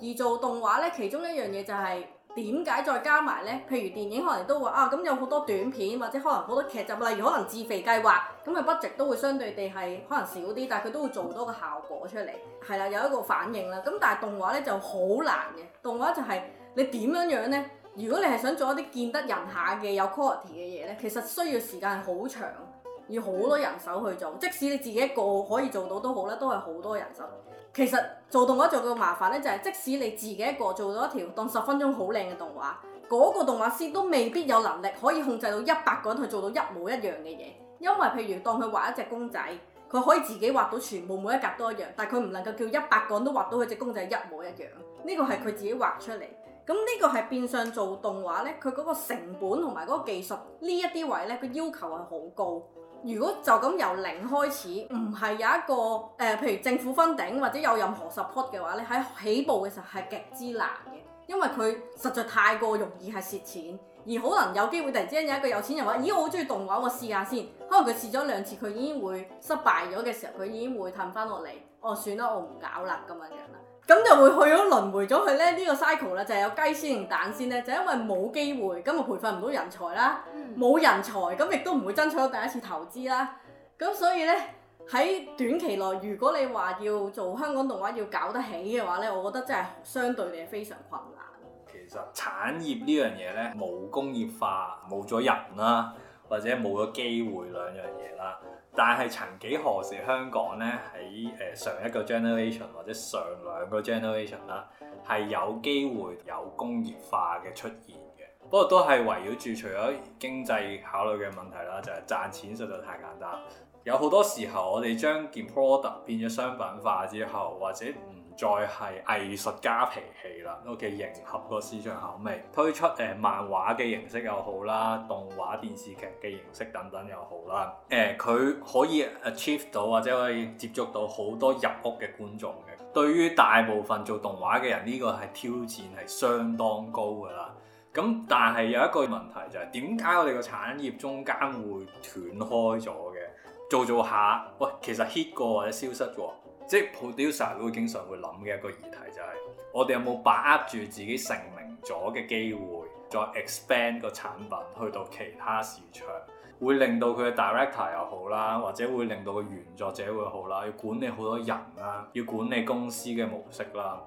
而做動畫呢，其中一樣嘢就係、是。點解再加埋呢？譬如電影可能都會啊，咁有好多短片或者可能好多劇集例如可能自肥計劃咁佢嘅 budget 都會相對地係可能少啲，但係佢都會做多個效果出嚟，係啦，有一個反應啦。咁但係動畫呢就好難嘅，動畫就係你點樣樣呢？如果你係想做一啲見得人下嘅有 quality 嘅嘢呢，其實需要時間係好長，要好多人手去做。即使你自己一個可以做到都好啦，都係好多人手。其實做動畫做個麻煩咧，就係即使你自己一個做咗一條當十分鐘好靚嘅動畫，嗰個動畫師都未必有能力可以控制到一百個人去做到一模一樣嘅嘢。因為譬如當佢畫一隻公仔，佢可以自己畫到全部每一格都一樣，但係佢唔能夠叫一百個人都畫到佢隻公仔一模一樣。呢個係佢自己畫出嚟。咁呢個係變相做動畫咧，佢嗰個成本同埋嗰個技術呢一啲位咧，佢要求係好高。如果就咁由零開始，唔係有一個誒、呃，譬如政府 funding 或者有任何 support 嘅話咧，喺起步嘅時候係極之難嘅，因為佢實在太過容易係蝕錢，而可能有機會突然之間有一個有錢人話，咦，我好中意動畫，我試下先。可能佢試咗兩次，佢已經會失敗咗嘅時候，佢已經會褪翻落嚟。哦，算啦，我唔搞啦咁樣樣啦。咁就會去咗輪迴咗佢咧，呢個 cycle 啦，就係有雞先，蛋先咧，就因為冇機會，咁就培訓唔到人才啦，冇人才，咁亦都唔會爭取到第一次投資啦。咁所以咧喺短期內，如果你話要做香港動畫要搞得起嘅話咧，我覺得真係相對嚟非常困難。其實產業呢樣嘢咧，冇工業化，冇咗人啦，或者冇咗機會兩樣嘢啦。但係曾幾何時香港咧喺誒上一個 generation 或者上兩個 generation 啦，係有機會有工業化嘅出現嘅。不過都係圍繞住除咗經濟考慮嘅問題啦，就係賺錢實在太簡單。有好多時候，我哋將件 product 變咗商品化之後，或者唔再係藝術家脾氣啦，都嘅迎合個市場口味，推出誒漫畫嘅形式又好啦，動畫電視劇嘅形式等等又好啦。誒、呃、佢可以 achieve 到，或者可以接觸到好多入屋嘅觀眾嘅。對於大部分做動畫嘅人，呢、這個係挑戰係相當高㗎啦。咁但係有一個問題就係點解我哋個產業中間會斷開咗嘅？做做下，喂，其實 hit 過或者消失過，即係 producer 都會經常會諗嘅一個議題就係我哋有冇把握住自己成名咗嘅機會，再 expand 個產品去到其他市場，會令到佢嘅 director 又好啦，或者會令到個原作者會好啦，要管理好多人啦，要管理公司嘅模式啦。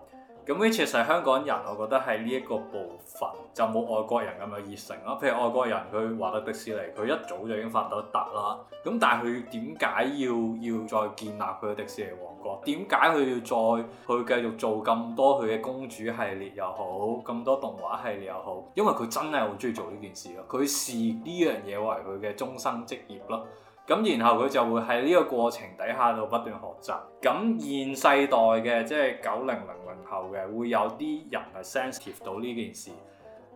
咁其實香港人，我覺得係呢一個部分就冇外國人咁有熱誠咯。譬如外國人，佢話得迪士尼，佢一早就已經發咗達啦。咁但係佢點解要要再建立佢嘅迪士尼王國？點解佢要再去繼續做咁多佢嘅公主系列又好，咁多動畫系列又好？因為佢真係好中意做呢件事咯。佢視呢樣嘢為佢嘅終生職業咯。咁然後佢就會喺呢個過程底下度不斷學習。咁現世代嘅即係九零零零後嘅，會有啲人係 sensitive 到呢件事，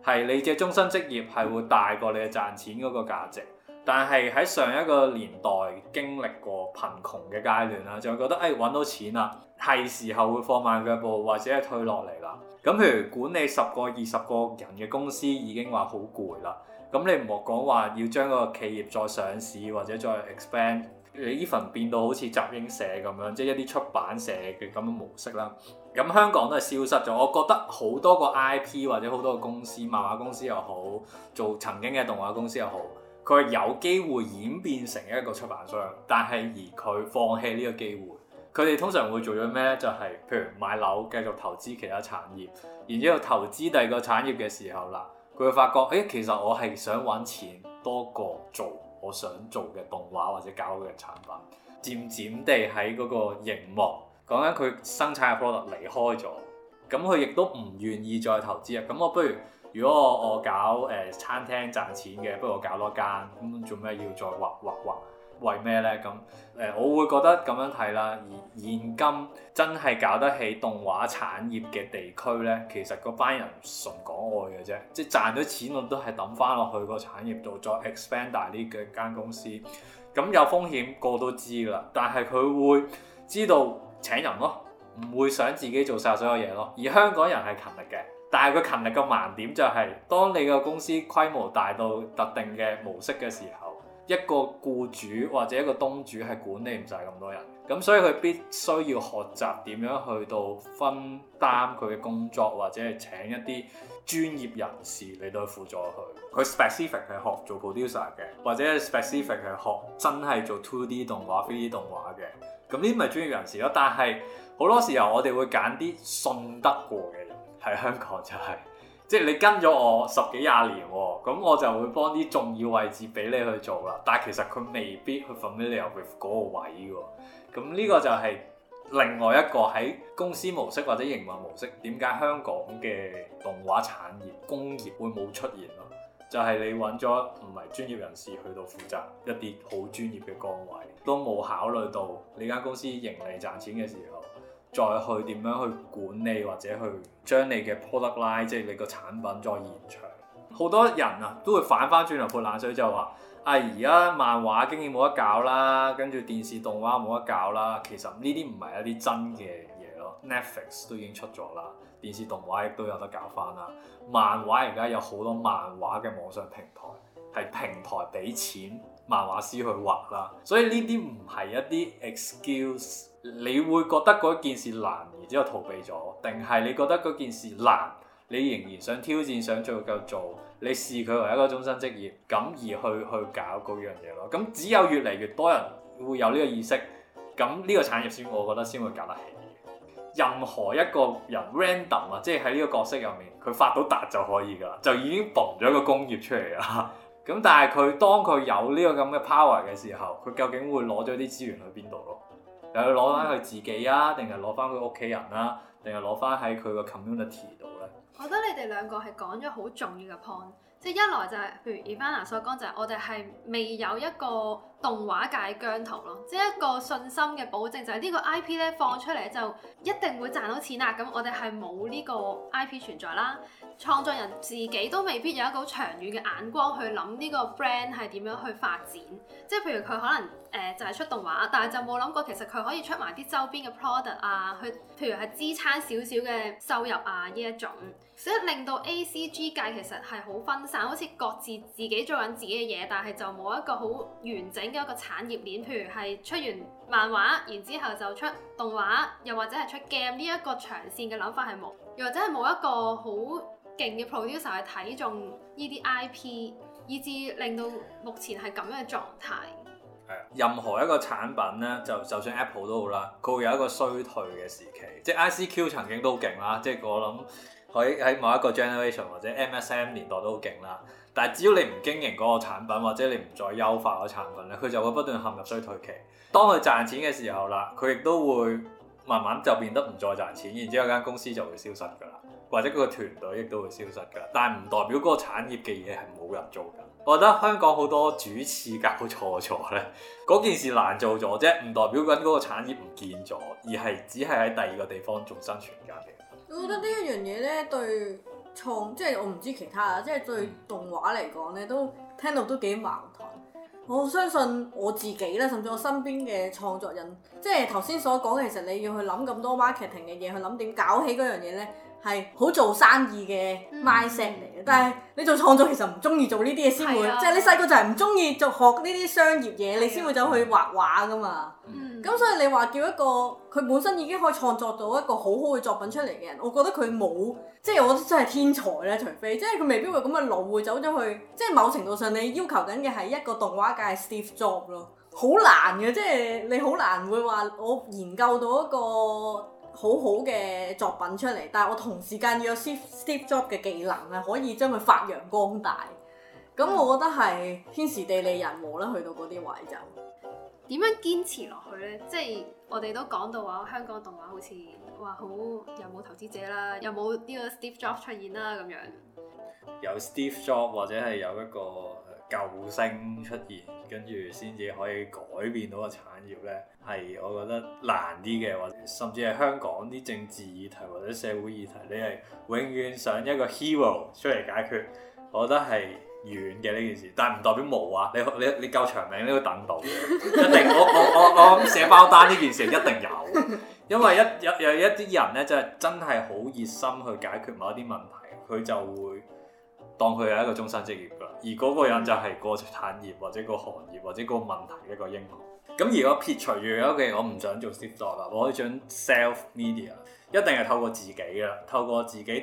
係你嘅終身職業係會大過你嘅賺錢嗰個價值。但係喺上一個年代經歷過貧窮嘅階段啦，就會覺得哎，搵到錢啦，係時候會放慢腳步或者係退落嚟啦。咁譬如管理十個二十個人嘅公司已經話好攰啦。咁你唔好講話要將個企業再上市或者再 expand，你依份變到好似集英社咁樣，即係一啲出版社嘅咁樣模式啦。咁香港都係消失咗。我覺得好多個 IP 或者好多個公司，漫畫公司又好，做曾經嘅動畫公司又好，佢係有機會演變成一個出版商，但係而佢放棄呢個機會。佢哋通常會做咗咩咧？就係譬如買樓，繼續投資其他產業，然之後投資第二個產業嘅時候啦。佢會發覺，誒、欸，其實我係想揾錢多過做我想做嘅動畫或者搞嘅產品。漸漸地喺嗰個熒幕講緊佢生產嘅 product 離開咗，咁佢亦都唔願意再投資啊。咁我不如，如果我我搞誒、呃、餐廳賺錢嘅，不如我搞多間，咁做咩要再畫畫畫？畫為咩呢？咁誒，我會覺得咁樣睇啦。而現今真係搞得起動畫產業嘅地區呢，其實個班人純講愛嘅啫，即係賺咗錢我都係抌翻落去個產業度，再 expand 大呢間公司。咁有風險，個都知噶啦。但係佢會知道請人咯，唔會想自己做晒所有嘢咯。而香港人係勤力嘅，但係佢勤力嘅盲點就係，當你個公司規模大到特定嘅模式嘅時候，一個僱主或者一個東主係管理唔晒咁多人，咁所以佢必須要學習點樣去到分擔佢嘅工作，或者係請一啲專業人士嚟到輔助佢。佢 specific 係學做 producer 嘅，或者 specific 係學真係做 2D 動畫、3D 動畫嘅，咁呢啲咪專業人士咯。但係好多時候我哋會揀啲信得過嘅人喺香港就係、是。即係你跟咗我十幾廿年喎、哦，咁我就會幫啲重要位置俾你去做啦。但係其實佢未必去 familiar with 嗰個位喎、哦。咁呢個就係另外一個喺公司模式或者營運模式，點解香港嘅動畫產業工業會冇出現咯？就係、是、你揾咗唔係專業人士去到負責一啲好專業嘅崗位，都冇考慮到你間公司盈利賺錢嘅時候。再去點樣去管理或者去將你嘅 product line 即係你個產品再延長。好多人啊，都會反翻轉頭潑冷水就，就、哎、話：啊，而家漫畫經已冇得搞啦，跟住電視動畫冇得搞啦。其實呢啲唔係一啲真嘅嘢咯。Netflix 都已經出咗啦，電視動畫亦都有得搞翻啦。漫畫而家有好多漫畫嘅網上平台，係平台俾錢漫畫師去畫啦。所以呢啲唔係一啲 excuse。你會覺得嗰件事難，然之後逃避咗，定係你覺得嗰件事難，你仍然想挑戰，想做就做，你視佢為一個終身職業咁而去去搞嗰樣嘢咯。咁只有越嚟越多人會有呢個意識，咁、這、呢個產業先，我覺得先會搞得起。任何一個人 random 啊，即係喺呢個角色入面，佢發到達就可以噶啦，就已經 boom 咗一個工業出嚟啦。咁但係佢當佢有呢個咁嘅 power 嘅時候，佢究竟會攞咗啲資源去邊度咯？係攞翻佢自己啊，定係攞翻佢屋企人啦，定係攞翻喺佢個 community 度咧？我覺得你哋兩個係講咗好重要嘅 point，即係一來就係、是，譬如 Ivana 所講，就係我哋係未有一個。動畫界姜濤咯，即係一個信心嘅保證，就係呢個 I P 咧放出嚟就一定會賺到錢啊！咁我哋係冇呢個 I P 存在啦，創作人自己都未必有一個好長遠嘅眼光去諗呢個 brand 係點樣去發展，即係譬如佢可能誒、呃、就係、是、出動畫，但係就冇諗過其實佢可以出埋啲周邊嘅 product 啊，去譬如係支撐少少嘅收入啊呢一種。所以令到 ACG 界其實係好分散，好似各自自己做緊自己嘅嘢，但係就冇一個好完整嘅一個產業鏈。譬如係出完漫畫，然之後就出動畫，又或者係出 game 呢一個長線嘅諗法係冇，又或者係冇一個好勁嘅 producer 去睇中呢啲 IP，以致令到目前係咁樣嘅狀態。係任何一個產品呢，就就算 Apple 都好啦，佢會有一個衰退嘅時期。即係 ICQ 曾經都勁啦，即係我諗。喺喺某一個 generation 或者 MSM 年代都好勁啦，但係只要你唔經營嗰個產品或者你唔再優化嗰產品咧，佢就會不斷陷入衰退期。當佢賺錢嘅時候啦，佢亦都會慢慢就變得唔再賺錢，然之後間公司就會消失㗎啦，或者嗰個團隊亦都會消失㗎。但係唔代表嗰個產業嘅嘢係冇人做㗎。我覺得香港好多主次搞錯咗咧，嗰件事難做咗啫，唔代表緊嗰個產業唔見咗，而係只係喺第二個地方仲生存緊嘅。我覺得呢一樣嘢咧，對創，即係我唔知其他啦，即係對動畫嚟講咧，都聽到都幾矛盾。我相信我自己啦，甚至我身邊嘅創作人，即係頭先所講，其實你要去諗咁多 marketing 嘅嘢，去諗點搞起嗰樣嘢咧。係好做生意嘅 mindset 嚟嘅，嗯，但係你做創作其實唔中意做呢啲嘢先會，即係、啊、你細個就係唔中意做學呢啲商業嘢，啊、你先會走去畫畫噶嘛。咁、嗯、所以你話叫一個佢本身已經可以創作到一個好好嘅作品出嚟嘅人，我覺得佢冇，即、就、係、是、我覺得真係天才咧，除非即係佢未必會咁嘅路會走咗去，即、就、係、是、某程度上你要求緊嘅係一個動畫界 Steve Jobs 咯，好難嘅，即係你好難會話我研究到一個。好好嘅作品出嚟，但係我同時間要有 Steve Steve Job 嘅技能啊，可以將佢發揚光大。咁我覺得係天時地利人和啦，去到嗰啲位就點樣堅持落去呢？即係我哋都講到話香港動畫好似話好有冇投資者啦，有冇呢個 Steve Job 出現啦咁樣。有 Steve Job 或者係有一個。救星出現，跟住先至可以改變到個產業呢，係我覺得難啲嘅，或者甚至係香港啲政治議題或者社會議題，你係永遠想一個 hero 出嚟解決，我覺得係遠嘅呢件事，但係唔代表冇啊，你你你夠長命都要等到，一定我我我我咁寫包單呢件事一定有，因為一有有一啲人呢，就係真係好熱心去解決某一啲問題，佢就會。當佢係一個終身職業噶，而嗰個人就係個產業或者個行業或者個問題一個英雄。咁如果撇除咗有嘅我唔想做 sit 製作啦，我可以想 self media，一定係透過自己噶，透過自己對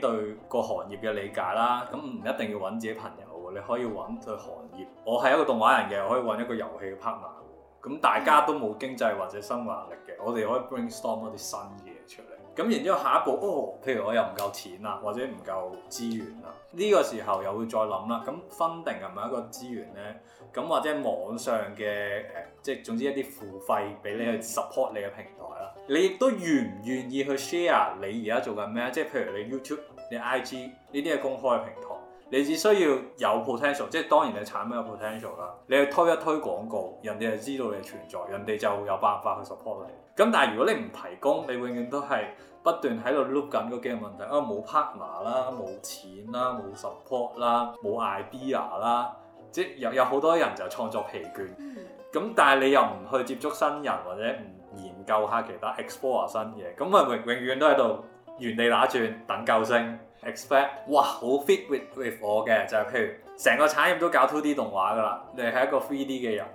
個行業嘅理解啦。咁唔一定要揾自己朋友噶，你可以揾對行業。我係一個動畫人嘅，我可以揾一個遊戲嘅 partner。咁大家都冇經濟或者生活壓力嘅，我哋可以 brainstorm 我哋新嘢。咁然之後下一步，哦，譬如我又唔夠錢啦，或者唔夠資源啦，呢個時候又會再諗啦。咁分定係咪一個資源呢？咁或者網上嘅誒、呃，即係總之一啲付費俾你去 support 你嘅平台啦。你亦都願唔願意去 share 你而家做緊咩？即係譬如你 YouTube、你 IG 呢啲係公開嘅平台，你只需要有 potential，即係當然你產品有 potential 啦。你去推一推廣告，人哋就知道你嘅存在，人哋就有辦法去 support 你。咁但係如果你唔提供，你永遠都係不斷喺度 look 緊嗰幾個問題，啊冇 partner 啦，冇錢啦，冇 support 啦，冇 idea 啦，即有有好多人就創作疲倦。咁、嗯、但係你又唔去接觸新人或者唔研究下其他 explore 新嘢，咁咪永永遠都喺度原地打轉，等救星。expect 哇好 fit with with 我嘅就係、是、譬如成個產業都搞 2D 動畫噶啦，你係一個 3D 嘅人。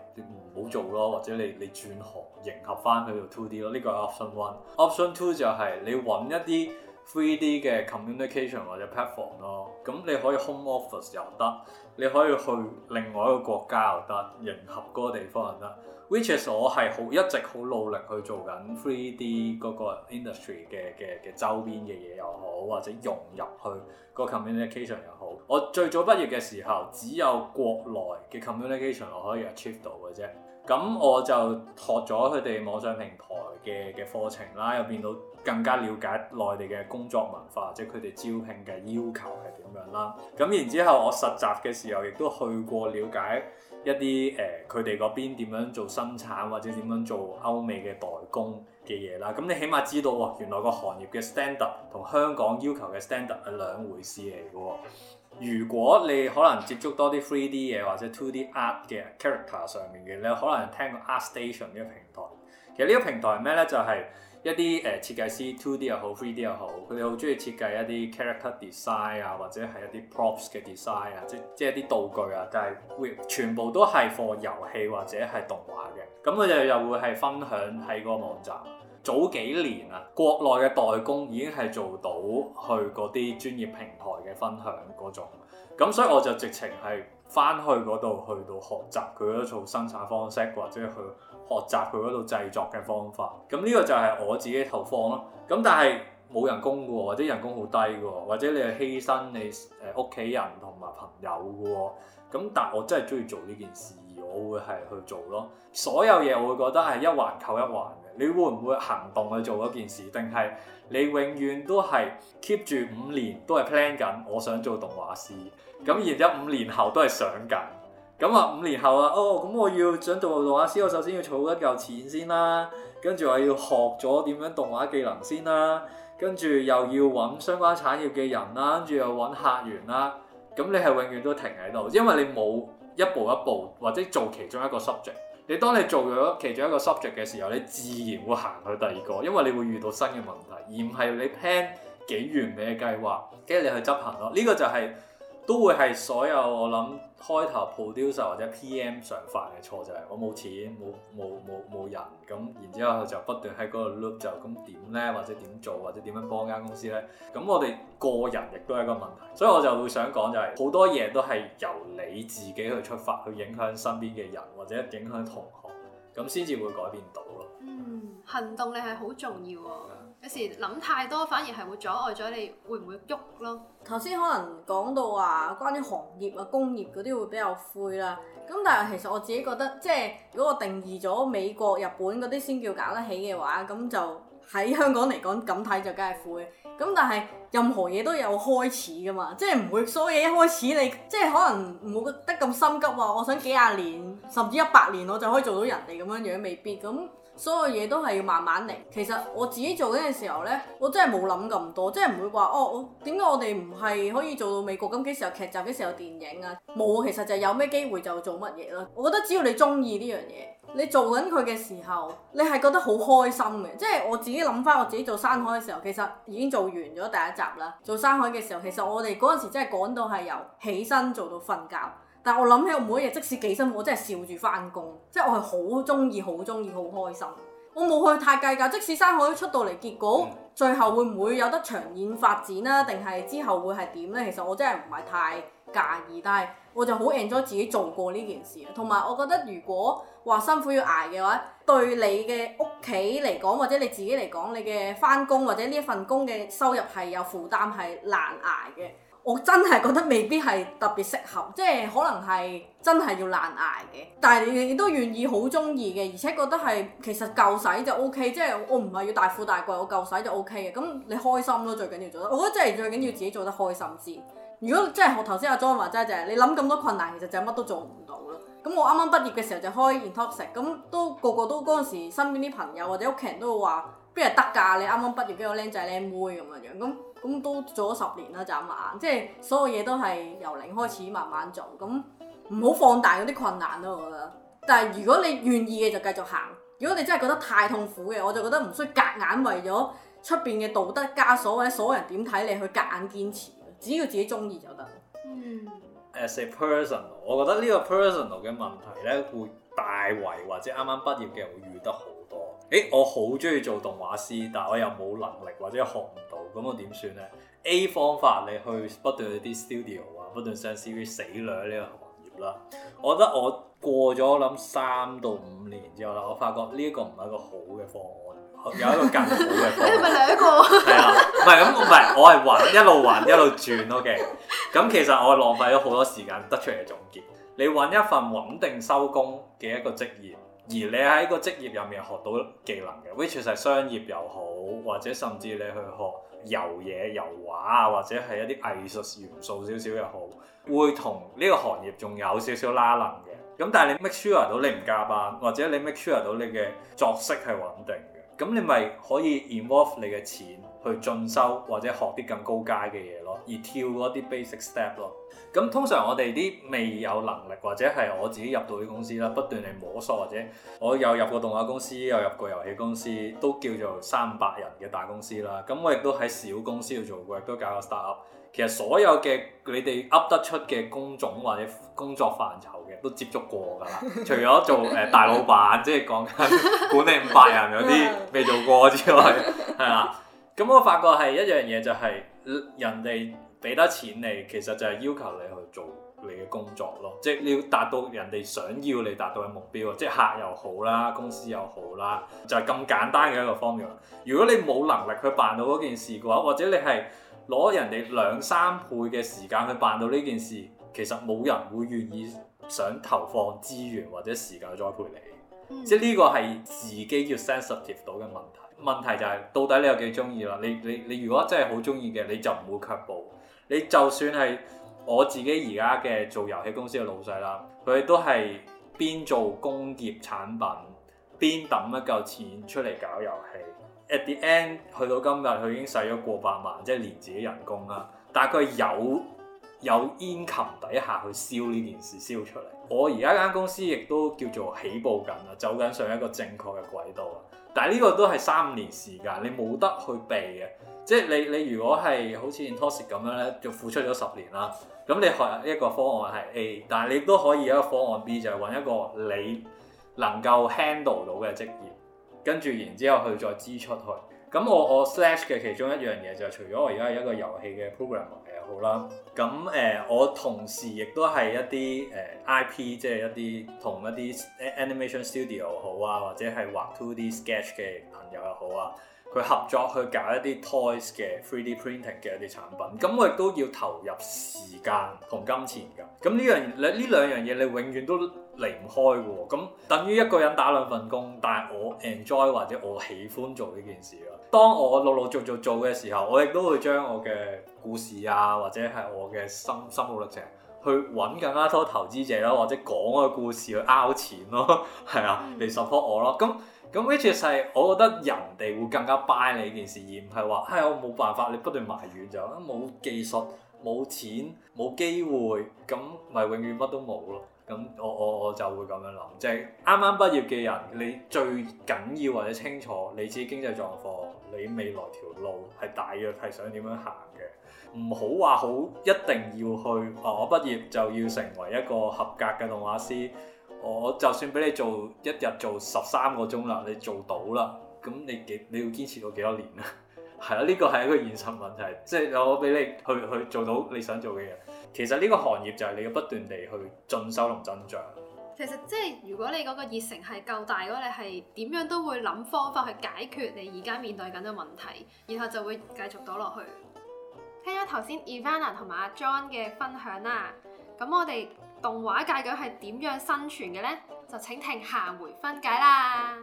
唔好做咯，或者你你轉行，迎合翻佢做 two D 咯，呢個 option one、就是。option two 就係你揾一啲。3D 嘅 communication 或者 platform 咯，咁你可以 home office 又得，你可以去另外一個國家又得，迎合嗰個地方又得。Which is 我係好一直好努力去做緊 3D 嗰個 industry 嘅嘅嘅周邊嘅嘢又好，或者融入去個 communication 又好。我最早畢業嘅時候只有國內嘅 communication 我可以 achieve 到嘅啫，咁我就學咗佢哋網上平台嘅嘅課程啦，又變到。更加了解內地嘅工作文化或者佢哋招聘嘅要求係點樣啦。咁然之後，我實習嘅時候亦都去過了解一啲誒佢哋嗰邊點樣做生產或者點樣做歐美嘅代工嘅嘢啦。咁你起碼知道、哦、原來個行業嘅 standard 同香港要求嘅 standard 係兩回事嚟嘅。如果你可能接觸多啲 three D 嘢或者 two D art 嘅 character 上面嘅你可能聽過 art station 呢個平台。其實呢個平台係咩咧？就係、是一啲誒設計師，two D 又好，three D 又好，佢哋好中意設計一啲 character design 啊，或者係一啲 props 嘅 design 啊，即即係一啲道具啊，但係會全部都係放遊戲或者係動畫嘅。咁佢哋又會係分享喺個網站。早幾年啊，國內嘅代工已經係做到去嗰啲專業平台嘅分享嗰種。咁所以我就直情係翻去嗰度去到學習佢嗰種生產方式，或者去。學習佢嗰度製作嘅方法，咁呢個就係我自己投放咯。咁但係冇人工嘅喎，或者人工好低嘅喎，或者你係犧牲你誒屋企人同埋朋友嘅喎。咁但係我真係中意做呢件事，我會係去做咯。所有嘢我會覺得係一環扣一環嘅。你會唔會行動去做嗰件事，定係你永遠都係 keep 住五年都係 plan 緊我想做動畫師，咁然之後五年後都係想緊。咁話五年後啊，哦，咁我要想做動畫師，我首先要儲一嚿錢先啦，跟住我要學咗點樣動畫技能先啦，跟住又要揾相關產業嘅人啦，跟住又揾客源啦，咁你係永遠都停喺度，因為你冇一步一步或者做其中一個 subject。你當你做咗其中一個 subject 嘅時候，你自然會行去第二個，因為你會遇到新嘅問題，而唔係你 plan 幾完美嘅計劃，跟住你去執行咯。呢個就係。都會係所有我諗開頭 producer 或者 PM 常犯嘅錯就係我冇錢冇冇冇冇人咁，然之後就不斷喺嗰度 look 就咁點呢？或者點做，或者點樣幫間公司呢？咁我哋個人亦都係一個問題，所以我就會想講就係好多嘢都係由你自己去出發，去影響身邊嘅人或者影響同學，咁先至會改變到咯。嗯，行動力係好重要喎。有時諗太多反而係會阻礙咗你會會，會唔會喐咯？頭先可能講到話關於行業啊、工業嗰啲會比較灰啦。咁但係其實我自己覺得，即係如果我定義咗美國、日本嗰啲先叫搞得起嘅話，咁就喺香港嚟講咁睇就梗係灰。咁但係任何嘢都有開始噶嘛，即係唔會所有嘢一開始你即係可能唔會覺得咁心急話，我想幾廿年甚至一百年我就可以做到人哋咁樣樣，未必咁。所有嘢都係要慢慢嚟。其實我自己做緊嘅時候呢，我真係冇諗咁多，即係唔會話哦，我點解我哋唔係可以做到美國咁幾時候劇集幾時候電影啊？冇，其實就有咩機會就做乜嘢咯。我覺得只要你中意呢樣嘢，你做緊佢嘅時候，你係覺得好開心嘅。即係我自己諗翻我自己做山海嘅時候，其實已經做完咗第一集啦。做山海嘅時候，其實我哋嗰陣時真係趕到係由起身做到瞓覺。但我諗起我每一日，即使幾辛苦，我真係笑住返工，即係我係好中意、好中意、好開心。我冇去太計較，即使生海出到嚟，結果最後會唔會有得長遠發展啦？定係之後會係點呢？其實我真係唔係太介意，但係我就好 enjoy 自己做過呢件事。同埋我覺得，如果話辛苦要捱嘅話，對你嘅屋企嚟講，或者你自己嚟講，你嘅返工或者呢一份工嘅收入係有負擔，係難捱嘅。我真係覺得未必係特別適合，即係可能係真係要難捱嘅。但係你你都願意好中意嘅，而且覺得係其實夠使就 OK，即係我唔係要大富大貴，我夠使就 OK 嘅。咁你開心咯，最緊要做得。我覺得真係最緊要自己做得開心先。如果即係我頭先阿 John 話齋就係你諗咁多困難，其實就係乜都做唔到咯。咁我啱啱畢業嘅時候就開 Intoxic，咁都個個都嗰陣時身邊啲朋友或者屋企人都會話。邊係得㗎？你啱啱畢業嘅個僆仔僆妹咁樣樣，咁咁都做咗十年啦，眨下眼！即係所有嘢都係由零開始，慢慢做，咁唔好放大嗰啲困難咯。我覺得，但係如果你願意嘅就繼續行，如果你真係覺得太痛苦嘅，我就覺得唔需隔硬，為咗出邊嘅道德枷鎖或者所有人點睇你去隔硬堅持。只要自己中意就得。嗯。As a personal 我覺得呢個 personal 嘅問題咧，會大為或者啱啱畢業嘅人會遇得好。誒、欸，我好中意做動畫師，但係我又冇能力或者學唔到，咁我點算呢？A 方法你去不斷去啲 studio 啊，Stud io，不斷上 CV 死掠呢個行業啦。我覺得我過咗諗三到五年之後啦，我發覺呢一個唔係一個好嘅方案，有一個更好嘅方案。你係咪兩個？係啊， <laughs> 唔係咁，唔係我係揾一路玩，一路轉咯嘅。咁、okay? 其實我浪費咗好多時間得出嚟總結，你揾一份穩定收工嘅一個職業。而你喺個職業入面學到技能嘅，which 就係商業又好，或者甚至你去學油嘢、油畫啊，或者係一啲藝術元素少少又好，會同呢個行業仲有少少拉能嘅。咁但係你 make sure 到你唔加班，或者你 make sure 到你嘅作息係穩定嘅，咁你咪可以 involve 你嘅錢。去進修或者學啲更高階嘅嘢咯，而跳嗰啲 basic step 咯。咁通常我哋啲未有能力或者係我自己入到啲公司啦，不斷嚟摸索或者我有入過動畫公司，有入過遊戲公司，都叫做三百人嘅大公司啦。咁我亦都喺小公司去做過，亦都搞過 startup。其實所有嘅你哋噏得出嘅工種或者工作範疇嘅都接觸過㗎啦，除咗做誒大老闆，即係講緊管理五百人有啲未做過之外，係啊。咁我發覺係一樣嘢，就係人哋俾得錢你，其實就係要求你去做你嘅工作咯，即係你要達到人哋想要你達到嘅目標，即係客又好啦，公司又好啦，就係咁簡單嘅一個方面。如果你冇能力去辦到件事嘅話，或者你係攞人哋兩三倍嘅時間去辦到呢件事，其實冇人會願意想投放資源或者時間去栽培你。即係呢個係自己要 sensitive 到嘅問題。問題就係、是、到底你有幾中意啦？你你你如果真係好中意嘅，你就唔會卻步。你就算係我自己而家嘅做遊戲公司嘅老細啦，佢都係邊做工業產品邊揼一嚿錢出嚟搞遊戲。At the end，去到今日佢已經使咗過百萬，即係連自己人工啦。但係佢有有煙琴底下去燒呢件事燒出嚟。我而家間公司亦都叫做起步緊啦，走緊上一個正確嘅軌道啦。但係呢個都係三五年時間，你冇得去避嘅，即係你你如果係好似 Intoxic 咁樣咧，就付出咗十年啦。咁你學一個方案係 A，但係你都可以有一個方案 B，就係揾一個你能夠 handle 到嘅職業，跟住然之後，後去再支出去。咁我我 slash 嘅其中一樣嘢就係除咗我而家係一個遊戲嘅 programmer 又好啦，咁誒、呃、我同時亦都係一啲誒、呃、IP，即係一啲同一啲 animation studio 好啊，或者係畫 2D sketch 嘅朋友又好啊。佢合作去搞一啲 toys 嘅 3D printing 嘅一啲產品，咁我亦都要投入時間同金錢㗎。咁呢樣你呢兩樣嘢，你永遠都離唔開嘅。咁等於一個人打兩份工，但係我 enjoy 或者我喜歡做呢件事啦。當我陸陸續續做嘅時候，我亦都會將我嘅故事啊，或者係我嘅心心路歷程。去揾更加多投資者咯，或者講個故事去拗錢咯，係啊，嚟、mm hmm. support 我咯。咁咁 which 係我覺得人哋會更加 buy 你件事，而唔係話唉，我冇辦法，你不斷埋怨就，冇技術、冇錢、冇機會，咁咪永遠乜都冇咯。咁我我我就會咁樣諗，即係啱啱畢業嘅人，你最緊要或者清楚你自己經濟狀況。你未來條路係大約係想點樣行嘅？唔好話好一定要去，我畢業就要成為一個合格嘅動畫師。我就算俾你做一日做十三個鐘啦，你做到啦，咁你幾你要堅持到幾多年呀？係 <laughs> 啦，呢個係一個現實問題，即係我俾你去去做到你想做嘅嘢。其實呢個行業就係你要不斷地去進修同增長。其實即係如果你嗰個熱誠係夠大，如果你係點樣都會諗方法去解決你而家面對緊嘅問題，然後就會繼續倒落去。聽咗頭先 Ivana 同埋阿 John 嘅分享啦，咁我哋動畫界究竟係點樣生存嘅呢？就請聽下回分解啦。